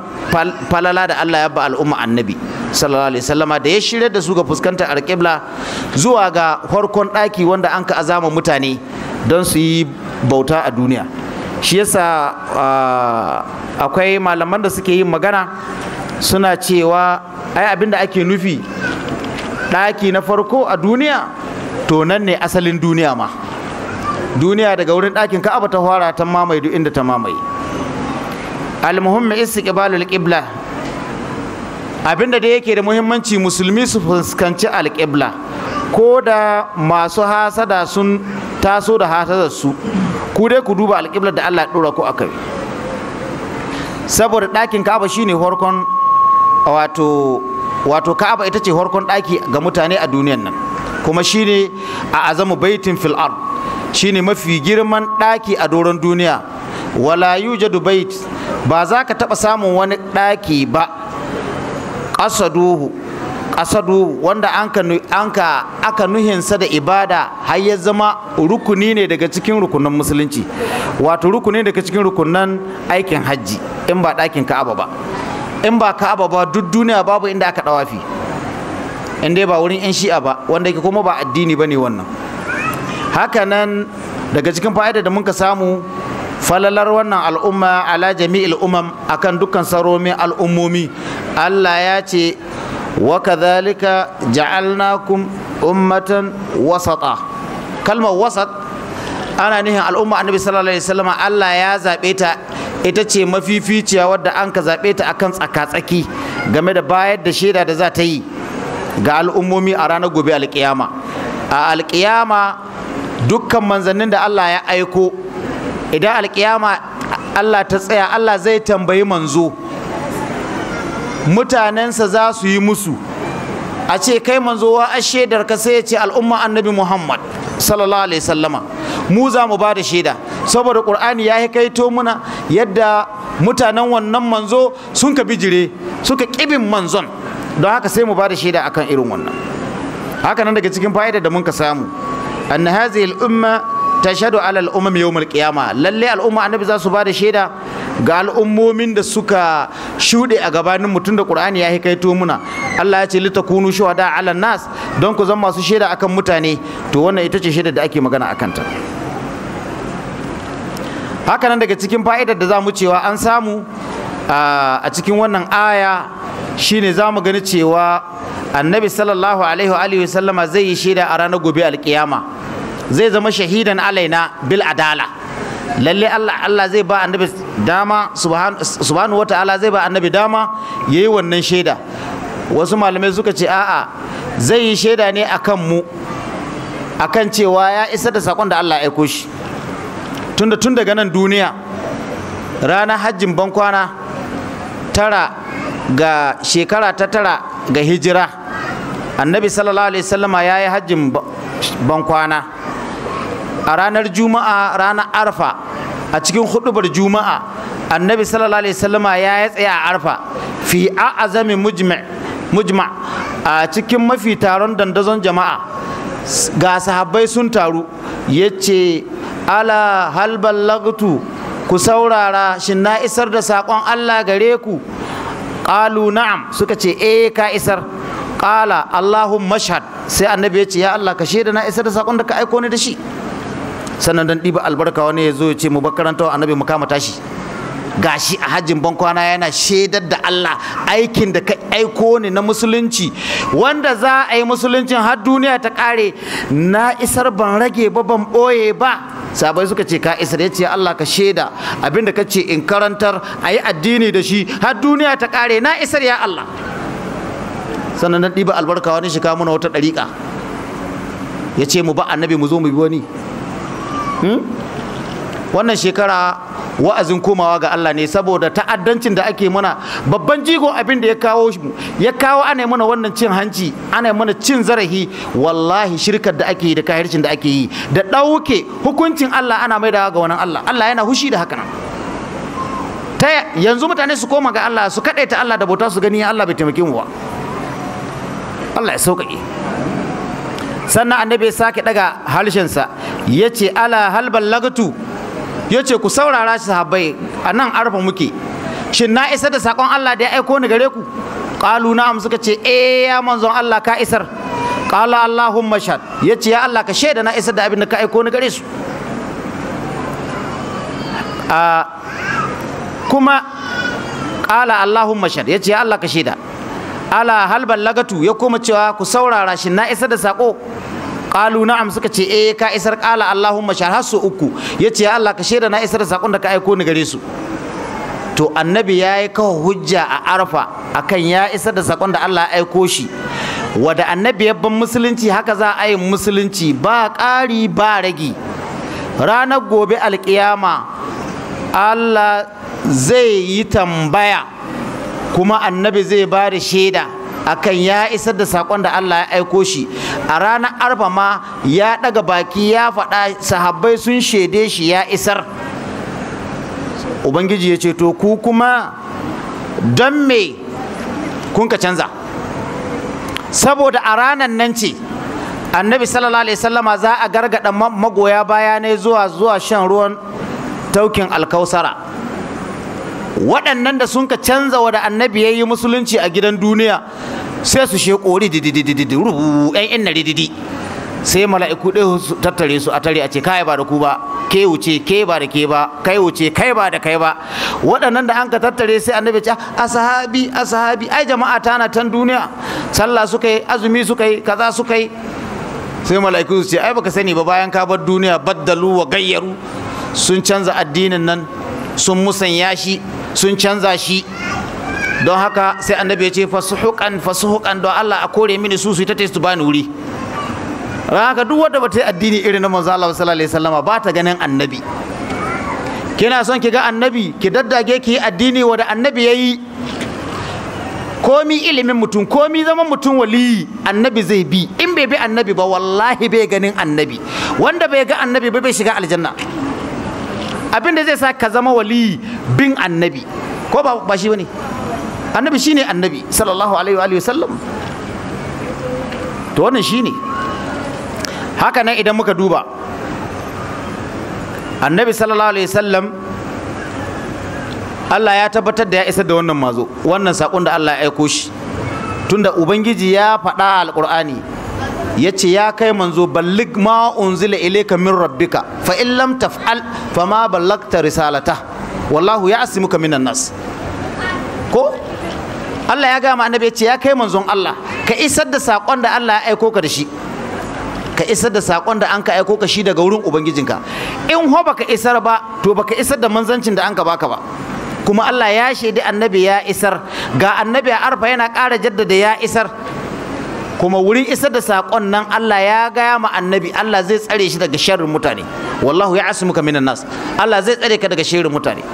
falala da Allah ya ba al'umma annabi sallallahu alaihi wasallama da ya shirya da su ga fuskantar alƙibla zuwa ga farkon ɗaki wanda an ka azama mutane don su yi bauta a duniya shi yasa akwai malaman da suke yin magana suna cewa ai abin da ake nufi ɗaki na farko a duniya to nan ne asalin duniya ma duniya daga wurin ɗakin ka'aba ta fara ta mamaye duk inda ta mamaye almuhimmi istiqbalul qibla abinda da yake da muhimmanci musulmi su fuskanci alƙibla ko da masu hasada sun taso da hasadar su ku dai ku duba alƙiblar da Allah ya dora ku akai saboda ɗakin Ka'aba shine horkon wato wato Ka'aba ita ce horkon ɗaki ga mutane a duniyan nan kuma shine a azamu baitin fil ard shine mafi girman ɗaki a doron duniya wala yujadu bait ba za ka taɓa samun wani ɗaki ba ƙasaduhu asadu wanda anka aka nuhinsa da ibada har ya zama rukuni ne daga cikin rukunan musulunci wato rukuni daga cikin rukunan aikin hajji in ba ɗakin ka'aba ba in ba ka'aba ba duk duniya babu inda aka ɗawafi in dai ba wurin 'yan shi'a ba wanda yake kuma ba addini ba ne wannan hakanan daga cikin fa'ida da muka samu falalar wannan al'umma ala jami'il umam akan dukkan saromin al'ummomi Allah ya ce وكذلك جعلناكم أمة وسطا كلمة وسط أنا نهي الأمة النبي صلى الله عليه وسلم ألا يا زابيتا ita ce mafificiya wadda an ka zaɓe ta akan tsaka-tsaki game da bayar da shaida da za ta yi ga al'ummomi a ranar gobe alƙiyama a alƙiyama dukkan manzannin da Allah ya aiko idan alƙiyama Allah ta tsaya Allah zai tambayi manzo mutanensa za su yi musu a ce kai manzo a shaidar ka sai ce al'umma annabi muhammad sallallahu alaihi sallama mu za mu ba da shaida saboda ƙur'ani ya yi kaito muna yadda mutanen wannan manzo sun ka bijire suka kibin manzon don haka sai mu ba da shaida akan irin wannan haka nan daga cikin fa'idar da mun ka samu anna tashadu ala mai yawmal qiyama lalle al'umma annabi za su bada shaida ga al'ummomin da suka shuɗe a gabanin mutum da qur'ani ya hikaito muna Allah ya ce litakunu shuhada ala nas don ku zama masu shaida akan mutane to wannan ita ce shaida da ake magana akan ta haka daga cikin fa'idar da za mu cewa an samu a cikin wannan aya shine za mu gani cewa annabi sallallahu alaihi wa sallama zai yi shaida a ranar gobe alkiyama zai zama shahidan alaina bil adala lalle Allah Allah zai ba annabi dama subhanahu ta'ala zai ba annabi dama yayi wannan shaida wasu malamai suka ce a'a zai yi shaida ne akan mu akan cewa ya isa da sakon da Allah ya aiko shi tunda tun daga nan duniya rana hajjin bankwana tara ga shekara ta tara ga hijira annabi sallallahu alaihi wasallama ya yi hajjin bankwana a ranar juma'a ranar arfa a cikin hudubar juma'a annabi sallallahu alaihi wasallama ya ya tsaya a arfa fi a azami mujma' a cikin mafi taron dandazon jama'a ga sahabbai sun taru ya ce, ala hal ballagtu ku saurara shin na isar da saƙon Allah gare ku ƙalu na'am suka ce eh ka isar Ƙala, allahun mashhad sai annabi ya ce ya Allah ka shaida na isar da saƙon da ka aiko ni da shi sannan dan ɗiba albarka wani ya zo ya ce mu bakaranta wa annabi mu kama tashi gashi a hajjin bankwana yana shaidar da Allah aikin da ka aiko ne na musulunci wanda za a yi musuluncin har duniya ta kare na isar ban rage ba ban boye ba sabai suka ce ka isar ya ce Allah ka shaida abinda ka ce in karantar a yi addini da shi har duniya ta kare na isar ya Allah sannan na ɗiba albarka wani shiga muna wata ɗariƙa ya ce mu ba annabi mu zo mu bi wani Hmm? wannan shekara wa'azin komawa ga Allah ne saboda ta'addancin da ake mana babban jigon abin da ya kawo ya kawo ana mana wannan cin hanci ana mana cin zarafi wallahi shirkar da ake yi da kahircin da ake yi da ɗauke hukuncin Allah ana mai da ga wannan Allah Allah yana hushi da haka ta yanzu mutane su koma ga Allah su kaɗaita Allah da bauta su gani Allah bai taimake mu ba Allah ya sauƙaƙe sannan annabi ya sake daga halshensa ya ce ala halbal lagatu ya ce ku saurara shi sahabbai a nan arfa muke shin na isar da saƙon Allah da ya aiko ni gare ku ƙalu na'am suka ce eh ya manzon Allah ka isar ƙala Allahumma shad ya ce ya Allah ka shaida na isar da abin da ka aiko ni gare su ah, kuma ƙala Allahumma shad ya ce ya Allah ka shaida ala halbal lagatu ya koma cewa ku saurara shi na isar da sako qalu na'am suka ce eh ka isar qala allahumma shahar su uku yace ya Allah ka shaida na isar da sakon da ka aiko ni gare su to annabi ya yi kawo hujja a arfa akan ya isar da sakon da Allah aiko shi wada annabi yabban musulunci haka za a yi musulunci ba ƙari ba ragi ranar gobe alƙiyama Allah zai yi tambaya kuma annabi zai ba da shaida akan ya isar da sakon da Allah ya aiko shi a ranar arfa ma ya daga baki ya faɗa sahabbai sun shaide shi ya isar ubangiji ya ce to ku kuma don me kun ka canza saboda a ranar nan ce annabi sallallahu alaihi sallama za a gargada magoya baya ne zuwa zuwa shan ruwan taukin alkausara waɗannan da sun ka canza wa da annabi ya yi musulunci a gidan duniya sai su she ƙori dididididi rubu ɗan yan narididi sai mala'iku ɗaya su tattare su a tare a ce kai ba da ku ba ke wuce ke ba da ke ba kai wuce kai ba da kai ba waɗannan da an ka tattare sai annabi ce ah, asahabi asahabi ai jama'a tana tan duniya sallah suka yi azumi suka yi kaza suka yi sai mala'iku su ce ai baka sani ba bayan ka bar duniya baddalu wa gayyaru sun canza addinin nan sun musanya shi sun canza shi don haka sai annabi ya ce fasuhukan fasuhukan don Allah a kore mini su su ta su bani wuri haka duk wanda bata yi addini irin na manzo Allah sallallahu alaihi wasallama ba ta ganin annabi kina son ki ga annabi ki daddage ki yi addini wanda annabi yayi komi ilimin mutum komi zaman mutum waliyi annabi zai bi in bai bi annabi ba wallahi bai ganin annabi wanda bai ga annabi ba bai shiga aljanna abin da zai sa ka zama wali bin annabi ko ba ba shi bane annabi shine annabi sallallahu alaihi wa alihi wasallam to wannan shine haka nan idan muka duba annabi sallallahu alaihi wasallam Allah ya tabbatar da ya isar da wannan mazo wannan sakon da Allah ya aiko shi tunda ubangiji ya faɗa alqur'ani Ya ce ya kai manzo ballig ma unzila ilayka min rabbika fa in lam taf'al ma ballagta risalata wallahu ya'simuka minan nas ko Allah ya gama annabi ya ce ya kai manzon Allah ka isar da sakon da Allah ya aiko ka da shi ka isar da sakon da an ka aiko ka shi daga wurin ubangijinka in ho baka isar ba to baka isar da manzancin da an ka baka ba kuma Allah ya shaidi annabi ya isar ga annabi a arfa yana ƙara jaddada ya isar kuma wurin isar da sakon nan Allah ya gaya ma annabi Allah zai tsare shi daga sharrin mutane wallahu ya muka minan nas Allah zai tsare ka daga sharrin mutane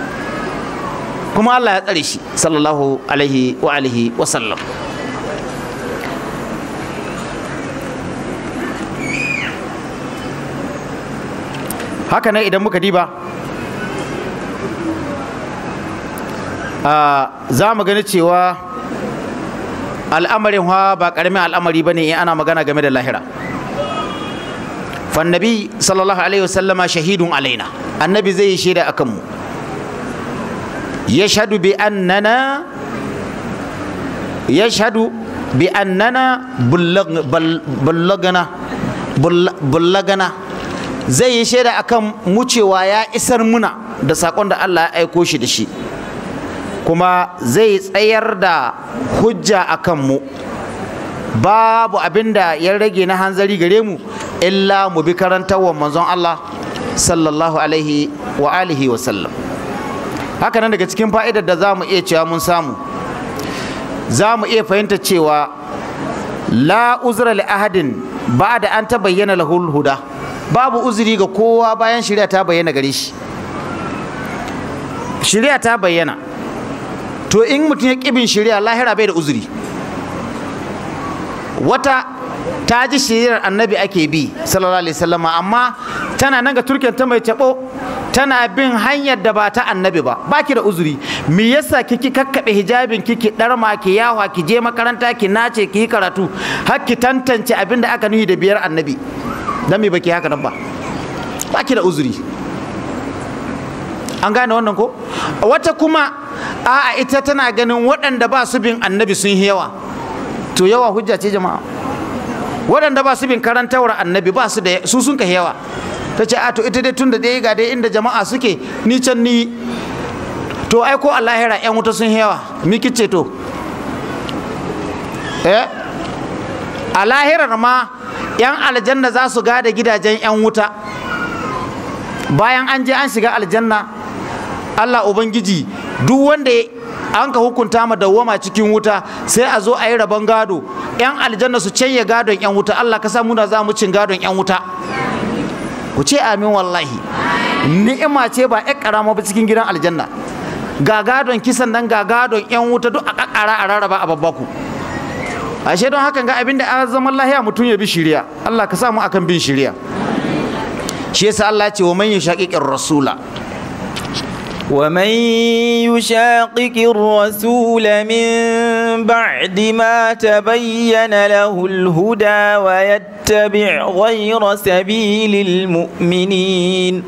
kuma Allah ya tsare shi sallallahu alaihi wa alihi wa sallam haka nan idan muka diba ah, za mu gani cewa al'amarin ha ba karamin al'amari bane in ana magana game da lahira fannabi sallallahu alaihi wasallama shahidun alaina annabi zai yi shaida akan mu yashhadu bi annana yashhadu bi annana ballagana ballagana zai yi shaida akan mu cewa ya isar muna da sakon da Allah ya aiko shi da shi kuma zai tsayar da hujja a kanmu babu abin da ya rage na hanzari gare mu illa mu bi karantarwar manzon Allah sallallahu alaihi wa alihi wa sallam haka nan daga cikin fa'idar da zamu mu iya cewa mun samu zamu iya fahimta cewa la uzra li ahadin ba da an ta bayyana lahul huda babu uzuri ga kowa bayan shari'a ta bayyana gare shi shari'a ta bayyana to in mutum ya kibin shari'a lahira bai da uzuri wata ta ji shari'ar annabi ake bi sallallahu alaihi wasallama amma tana nan ga turken ta mai taɓo, tana bin hanyar da ba ta annabi ba ba ki da uzuri me yasa kiki kakkaɓe hijabin kiki ɗarma ki yawa ki je makaranta ki nace ki yi karatu har ki tantance abin da aka nuhi da biyar annabi dan me baki haka nan ba Ba ki da uzuri an gane wannan ko wata kuma a'a ita tana ganin waɗanda ba su bin annabi sun yi yawa to yawa hujja ce jama'a waɗanda ba su bin karantawar annabi ba su da su sun ka yawa ta ce a to ita dai tun da dai ga dai inda jama'a suke ni can ni to ai ko Alahira yan wuta sun yawa mi kice to eh a lahirar ma yan aljanna za su gada gidajen yan wuta bayan an je an shiga aljanna Allah Ubangiji duk wanda an ka hukunta ma dawwama cikin wuta sai a zo a yi rabon gado yan aljanna su canye gadon yan wuta Allah ka sa da za mu cin gadon yan wuta ku ce amin wallahi ni'ima ce ba ƴan karama ba cikin gidan aljanna ga gadon kisan nan ga gadon yan wuta duk a kakkara a rarraba a babbaku ashe don hakan ga abinda an zama lahiya mutum ya bi shiriya Allah ka sa mu akan bin shiriya shi yasa Allah ya ce wa man yashaqiqir
rasula ومن يشاقق الرسول من بعد ما تبين له الهدى ويتبع غير سبيل المؤمنين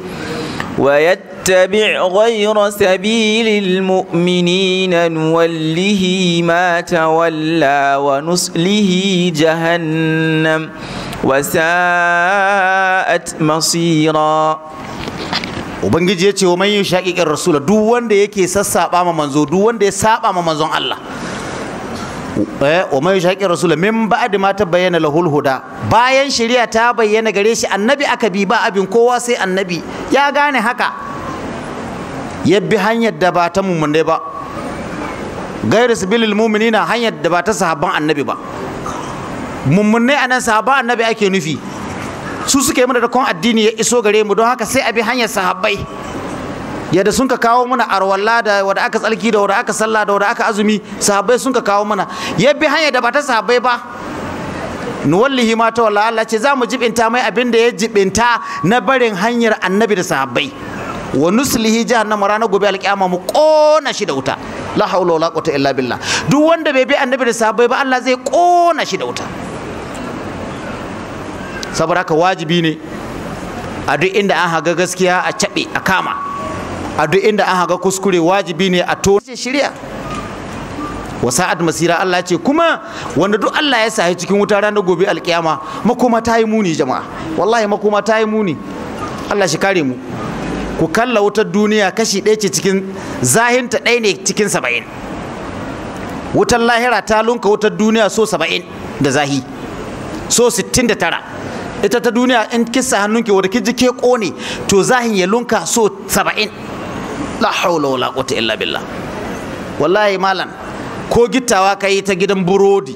ويتبع غير سبيل المؤمنين نوله ما تولى ونصله جهنم وساءت مصيرا
ubangiji ya ce wa man yushaqiqir rasula duk wanda yake sassaba ma manzo duk wanda ya saba ma manzon Allah eh, wa man yushaqiqir rasula min ba'di ma tabayyana lahul huda bayan shari'a ta bayyana gare shi annabi aka bi ba abin kowa sai annabi ya gane haka ya bi hanyar da ba ta mummune ba gairu sabilil mu'minina hanyar da ba ta sahabban annabi ba mummunai anan sahabban annabi ake nufi su suke mana da kon addini ya iso gare mu don haka sai a bi hanyar sahabbai yadda sun ka kawo mana arwalla da wanda aka tsalki da wanda aka sallah da wanda aka azumi sahabbai sun ka kawo mana ya bi hanyar da ba ta sahabbai ba nuwallihi ma ta wallahi Allah ce za mu jibinta mai abin da ya jibinta na barin hanyar annabi da sahabbai wa nuslihi jahannam ranar gobe alƙiyama mu kona shi da wuta la haula wala quwwata illa billah duk wanda bai bi annabi da sahabbai ba Allah zai kona shi da wuta saboda haka wajibi ne a duk inda an haga gaskiya a caɓe a kama a duk inda an haga kuskure wajibi ne a to shirya wa sa'ad masira Allah ce kuma wanda duk Allah ya sahi cikin wuta ranar gobe alkiyama makoma ta yi muni jama'a wallahi makoma ta yi muni Allah shi kare mu ku kalla wutar duniya kashi ɗaya ce cikin zahinta ɗaya ne cikin saba'in wutar lahira ta lunka wutar duniya so saba'in da zahi so sittin da tara ita ta duniya in kisa hannunki wadda ki ke kone to zahin ya lunka so saba'in la haula wala quwwata illa billah wallahi malam ko gittawa ka yi ta gidan burodi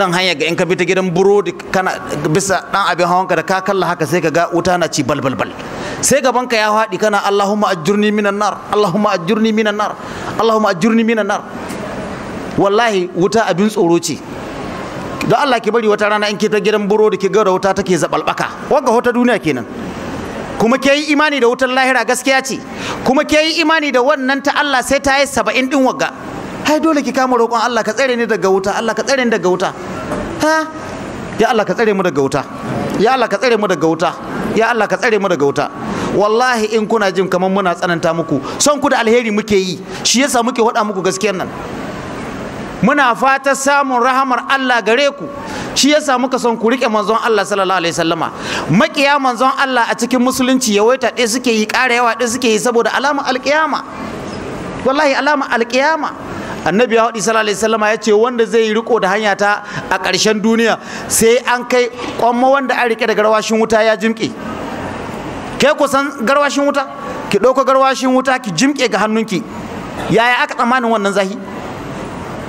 nan hanya ga in ka bi ta gidan burodi kana bisa dan abin hawanka da ka kalla haka sai ka ga wuta na ci balbalbal bal, bal. sai ka ya fadi kana Allahumma ajurni minan nar Allahumma ajurni minan nar Allahumma ajurni minan nar wallahi wuta abin tsoro ce don Allah ki bari wata rana in ke ta gidan burodi ki ga wuta take zabalbaka wanga wata duniya kenan kuma ke yi imani da wutar lahira gaskiya ce kuma ke yi imani da wannan ta Allah sai ta yi saba'in din wagga hai dole ki kama roƙon Allah ka tsare ni daga wuta Allah ka tsare ni daga wuta ha ya Allah ka tsare mu daga wuta ya Allah ka tsare mu daga wuta ya Allah ka tsare mu daga wuta wallahi in kuna jin kamar muna tsananta muku son ku da alheri muke yi shi yasa muke faɗa muku gaskiyar nan muna fatan samun rahamar Allah gare ku shi yasa muka son ku rike manzon Allah sallallahu alaihi wasallama makiya manzon Allah a cikin musulunci yawaita ɗaya suke yi ƙara yawa ɗaya suke yi saboda alamar alƙiyama wallahi alamar alƙiyama annabi ya sallallahu alaihi wasallama ya ce wanda zai yi riko da hanya ta a ƙarshen duniya sai an kai kwamma wanda an rike da garwashin wuta ya jimƙe ke kusan garwashin wuta ki ɗauko garwashin wuta ki jimƙe ga hannunki yaya aka tsamanin wannan zahi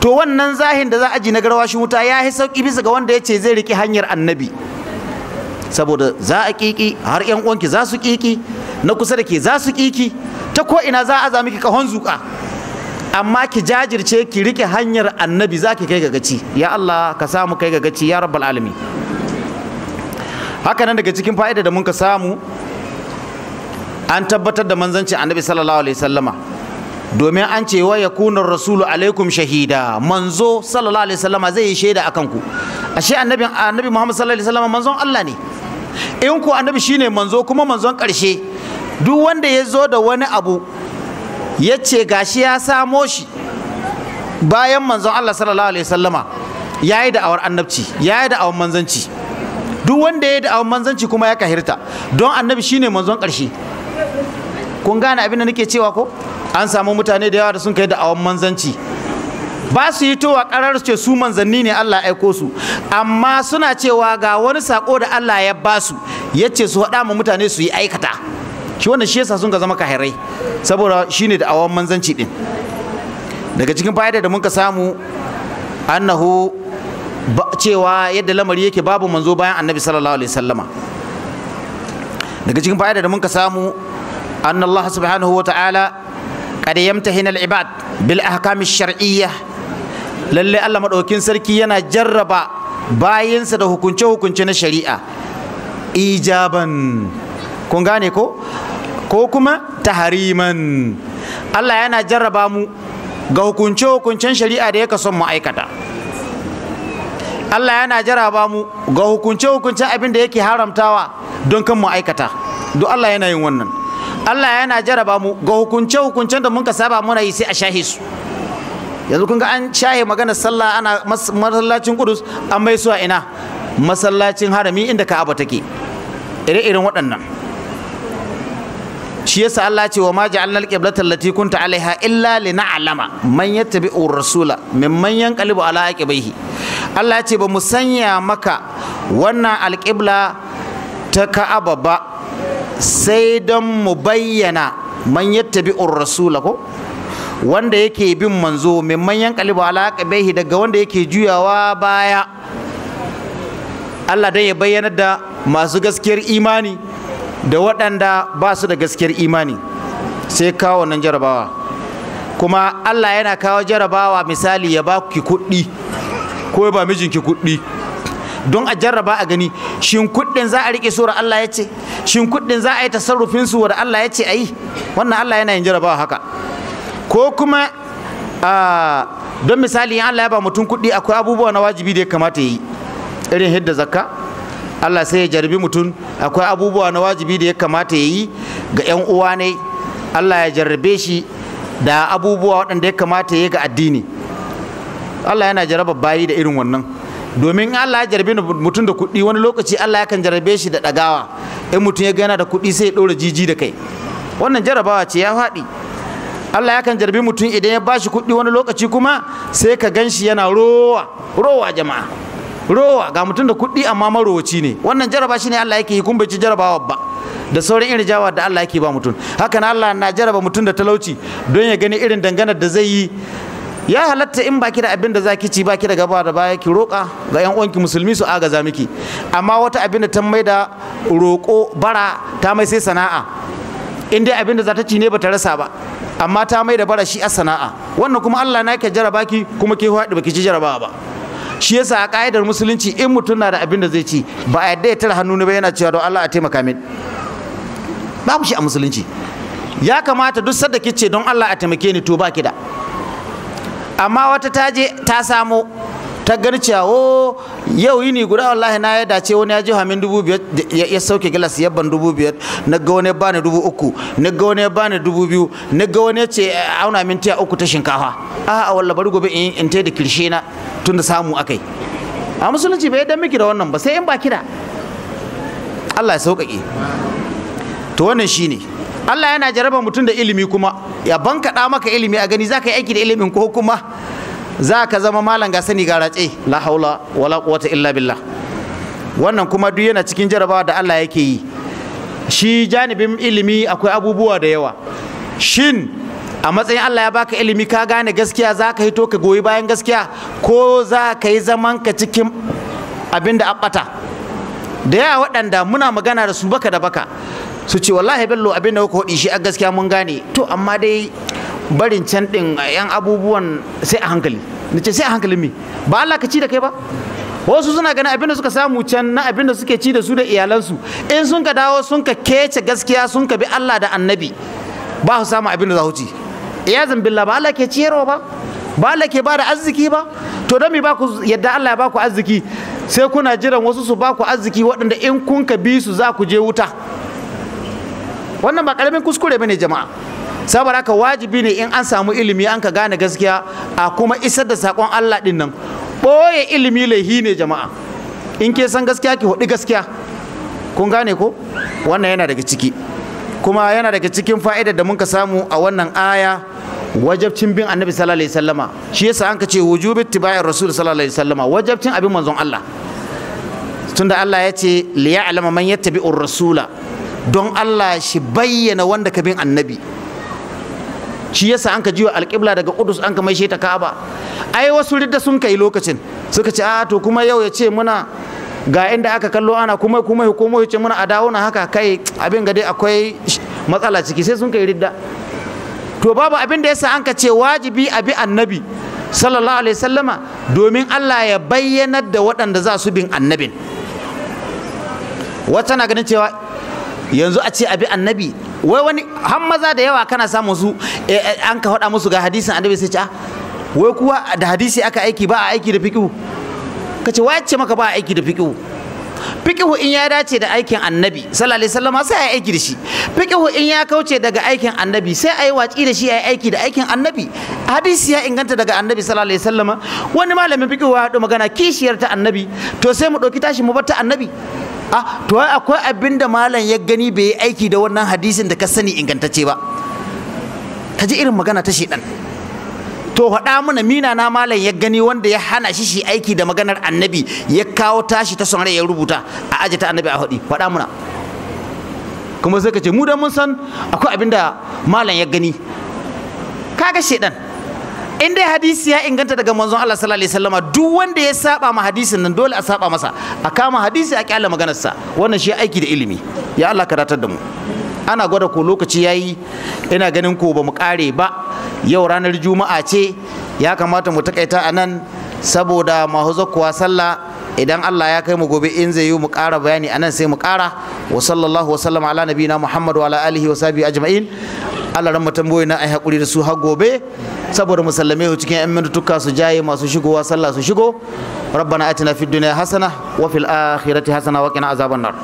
to wannan zahin da za a ji na garwashin wuta ya yi sauki bisa ga wanda ya ce zai riƙe hanyar annabi saboda za a ƙiƙi har yan uwanki za su ƙiƙi, na kusa da ke za su ƙiƙi, ta ko ina za a zami ki kahon zuƙa. amma ki jajirce ki riƙe hanyar annabi za ki kai ga gaci ya Allah ka samu kai ga gaci ya rabbal alami haka nan daga cikin fa'ida da mun ka samu an tabbatar da manzancin annabi sallallahu alaihi wasallama domin an ce wa yakuna rasulu alaikum shahida manzo sallallahu alaihi wasallam zai yi shaida akan ku ashe annabi annabi Muhammad sallallahu alaihi wasallam manzon Allah ne in ku annabi shine manzo kuma manzon karshe duk wanda ya zo da wani abu ya ce gashi ya samo shi bayan manzon Allah sallallahu alaihi wasallama yayi da'awar annabci yayi da'awar manzanci duk wanda ya yi da'awar manzanci kuma ya kahirta don annabi shine manzon karshe kun gane abin da nake cewa ko an samu mutane da yawa da sun kai da'awan manzanci ba su yi towa karar ce su manzanni ne Allah ya aiko su amma suna cewa ga wani sako da Allah ya ba su ya ce su haɗa ma mutane su yi aikata shi wannan shi yasa sun ga zama kahirai saboda ne da awon manzanci ɗin. daga cikin fa'ida da muka samu annahu cewa yadda lamari yake babu manzo bayan annabi sallallahu alaihi wasallama daga cikin fa'ida da muka samu anna Allah subhanahu wa ta'ala qad yamtahin al-ibad bil ahkam ash-shar'iyyah lalle Allah madaukin sarki yana jarraba bayinsa da hukunce hukunce na shari'a ijaban kun gane ko ko kuma tahriman Allah yana jarraba mu ga hukunce hukuncen shari'a da yake son mu aikata Allah yana jarraba mu ga hukunce hukuncen abin da yake haramtawa don kan mu aikata duk Allah yana yin wannan Allah yana jaraba mu ga hukunce hukuncen da mun ka saba muna yi sai a shahe su yanzu kun ga an shahe magana sallah ana masallacin kudus an mai su a ina masallacin harami inda ka abu take ire-iren waɗannan shi yasa Allah ce wa ma ja'alna al-qiblata allati kunta 'alaiha illa lina'lama man yattabi'u ar-rasula mimman yanqalibu ala aqibaihi Allah ce ba mu sanya maka wannan alƙibla ta Ka'aba ba sai don mu bayyana man yattabi'ur rasula ko wanda yake bin manzo mai manyan kalibu alaƙa bai daga wanda yake juyawa baya Allah dai ya bayyana da masu gaskiyar imani da waɗanda ba su da gaskiyar imani sai kawo nan jarabawa kuma Allah yana kawo jarabawa misali ya ba ki kuɗi ko ba mijinki kuɗi don a jarraba a gani shin kuɗin za a rike su da Allah ya ce shin kuɗin za a yi tasarrufin su da Allah ya ce a yi wannan Allah yana yin jarrabawa haka ko kuma don misali in Allah ya ba mutum kuɗi akwai abubuwa na wajibi da ya kamata ya yi irin hidda zakka Allah sai ya jarbi mutum akwai abubuwa na wajibi da ya kamata ya yi ga 'yan uwa ne Allah ya jarrabe shi da abubuwa waɗanda ya kamata ya yi ga addini Allah yana jarraba bayi da irin wannan domin Allah ya jarabe mutum da kuɗi wani lokaci Allah ya kan jarabe shi da ɗagawa in mutum ya gana da kuɗi sai ya ɗora jiji da kai wannan jarabawa ce ya faɗi Allah ya kan jarabe mutum idan ya bashi kuɗi wani lokaci kuma sai ka gan shi yana rowa rowa jama'a rowa ga mutum da kuɗi amma marowaci ne wannan jaraba shi ne Allah yake yi kun bai ci jarabawa ba da sauran irin jawa da Allah yake ba mutum hakan Allah na jaraba mutum da talauci don ya gani irin danganar da zai yi ya halatta in baki da abin da ki ci baki da gaba da baya ki roƙa ga yan uwanki musulmi su agaza miki amma wata abin da ta mai da roƙo bara ta mai sai sana'a in dai abin da za ta ci ne bata rasa ba amma ta mai da bara shi a sana'a wannan kuma Allah na ke jaraba ki kuma ke haɗu baki ci jarabawa ba shi yasa a ƙa'idar musulunci in mutum na da abin da zai ci ba a yadda ya tara hannu ne ba yana cewa don Allah a taimaka min babu shi a musulunci ya kamata duk sadda kice don Allah a taimake ni to baki da amma wata ta je ta samo ta gani cewa o oh, yau yini guda wallahi na ya dace wani ya je hamin dubu biyar ya sauke gilas ya ban dubu biyar na ga wani bani dubu uku na ga wani bani dubu biyu na ga wani ce auna min uku ta shinkafa a a walla bari gobe in in da kirshe na tun da samu akai a musulunci bai dan miki da wannan ba sai in ba kira Allah ya sauƙaƙe to wannan shine Allah yana jaraba mutum da ilimi kuma ya bankaɗa maka ilimi a gani za ka yi aiki da ilimin ko kuma za ka zama malam ga sani ga ratse la haula wala quwwata illa billah wannan kuma duk yana cikin jarabawa da Allah yake yi shi janibin ilimi akwai abubuwa da yawa shin a matsayin Allah ya baka ilimi ka gane gaskiya za ka hito ka goyi bayan gaskiya ko za ka yi zaman ka cikin abinda da abbata da yawa waɗanda muna magana da su baka da baka su ce wallahi bello abin da kuka hodi shi a gaskiya mun gane to amma dai barin can din yan abubuwan sai a hankali na ce sai a hankali me ba Allah ka ci da kai ba wasu suna ganin abin da suka samu can na abin da suke ci da su da iyalansu in sun ka dawo sun ka kece gaskiya sun ka bi Allah da annabi ba su samu abin da za su ci iyazan billah ba Allah ke ciyarwa ba ba Allah ke ba da arziki ba to don me ba ku yadda Allah ya ba ku arziki sai kuna jiran wasu su ba ku arziki waɗanda in kun ka bi su za ku je wuta wannan ba karamin kuskure bane jama'a saboda haka wajibi ne in an samu ilimi an ka gane gaskiya a kuma isar da sakon Allah din nan boye ilimi laihi ne jama'a in ke san gaskiya ki hudi gaskiya kun gane ko wannan yana daga ciki kuma yana daga cikin fa'idar da muka samu a wannan aya wajabcin bin annabi sallallahu alaihi wasallama shi yasa an ka ce wujubi tibai rasul sallallahu alaihi wasallama wajabcin abin manzon Allah tunda Allah ya ce liya alama man yattabi'ur rasula don Allah shi bayyana wanda ka bin annabi shi yasa an ka jiwa alƙibla daga Kudus an ka mai shi ta kaba ai wasu ridda sun kai lokacin suka ce a ah, to kuma yau ya ce muna ga inda aka kallo ana kuma kuma ya ce muna a dawo na haka kai abin gade akwai matsala ciki sai sun kai ridda to babu abin da yasa an ka ce wajibi a bi annabi sallallahu alaihi sallama domin Allah ya bayyanar da waɗanda za su bin annabin wata na ganin cewa yanzu a ce abi annabi wai wani han maza da yawa kana samu su eh, eh, an ka faɗa musu ga hadisin annabi sai ce ah, wai kuwa da hadisi aka aiki ba a aiki da fiqhu ce wai ce maka ba a aiki da fiqhu fiqhu in ya dace da aikin annabi sallallahu alaihi wasallam sai ai aiki da shi fiqhu in ya kauce daga aikin annabi sai ai watsi da shi ai aiki da aikin annabi hadisi ya inganta daga annabi sallallahu alaihi wasallam wani malamin fiqhu ya haɗu magana kishiyar ta annabi to sai mu ɗauki tashi mu bar ta annabi ah to akwai abin da malam ya gani bai yi aiki da wannan hadisin da ka sani ingantacce ba ka ji irin magana ta shedan to faɗa mana mina na malam ya gani wanda ya hana shi shi aiki da maganar annabi ya kawo tashi ta sonare ya rubuta a aje ta annabi a faɗi faɗa mana kuma sai ka ce mu da mun san akwai abin da malam ya gani kaga shedan in dai hadisi ya inganta daga manzon Allah sallallahu alaihi wasallama duk wanda ya saba ma hadisin nan dole a saba masa a kama hadisi a kyala sa wannan shi aiki da ilimi ya Allah ka datar da mu ana gwada ko lokaci yayi ina ganin ko bamu kare ba yau ranar juma'a ce ya kamata mu takaita anan saboda mahuzakuwa sallah idan Allah ya kai mu gobe in zai yi mu ƙara bayani anan sai mu ƙara wa sallallahu wa sallam ala nabiyina Muhammad wa ala alihi wa sahbihi ajma'in Allah ran boye na ai hakuri da su har gobe saboda musallame hu cikin 'yan mintuka su jaye masu shigowa sallah su shigo rabbana atina fid dunya hasana wa fil akhirati hasana wa qina azaban nar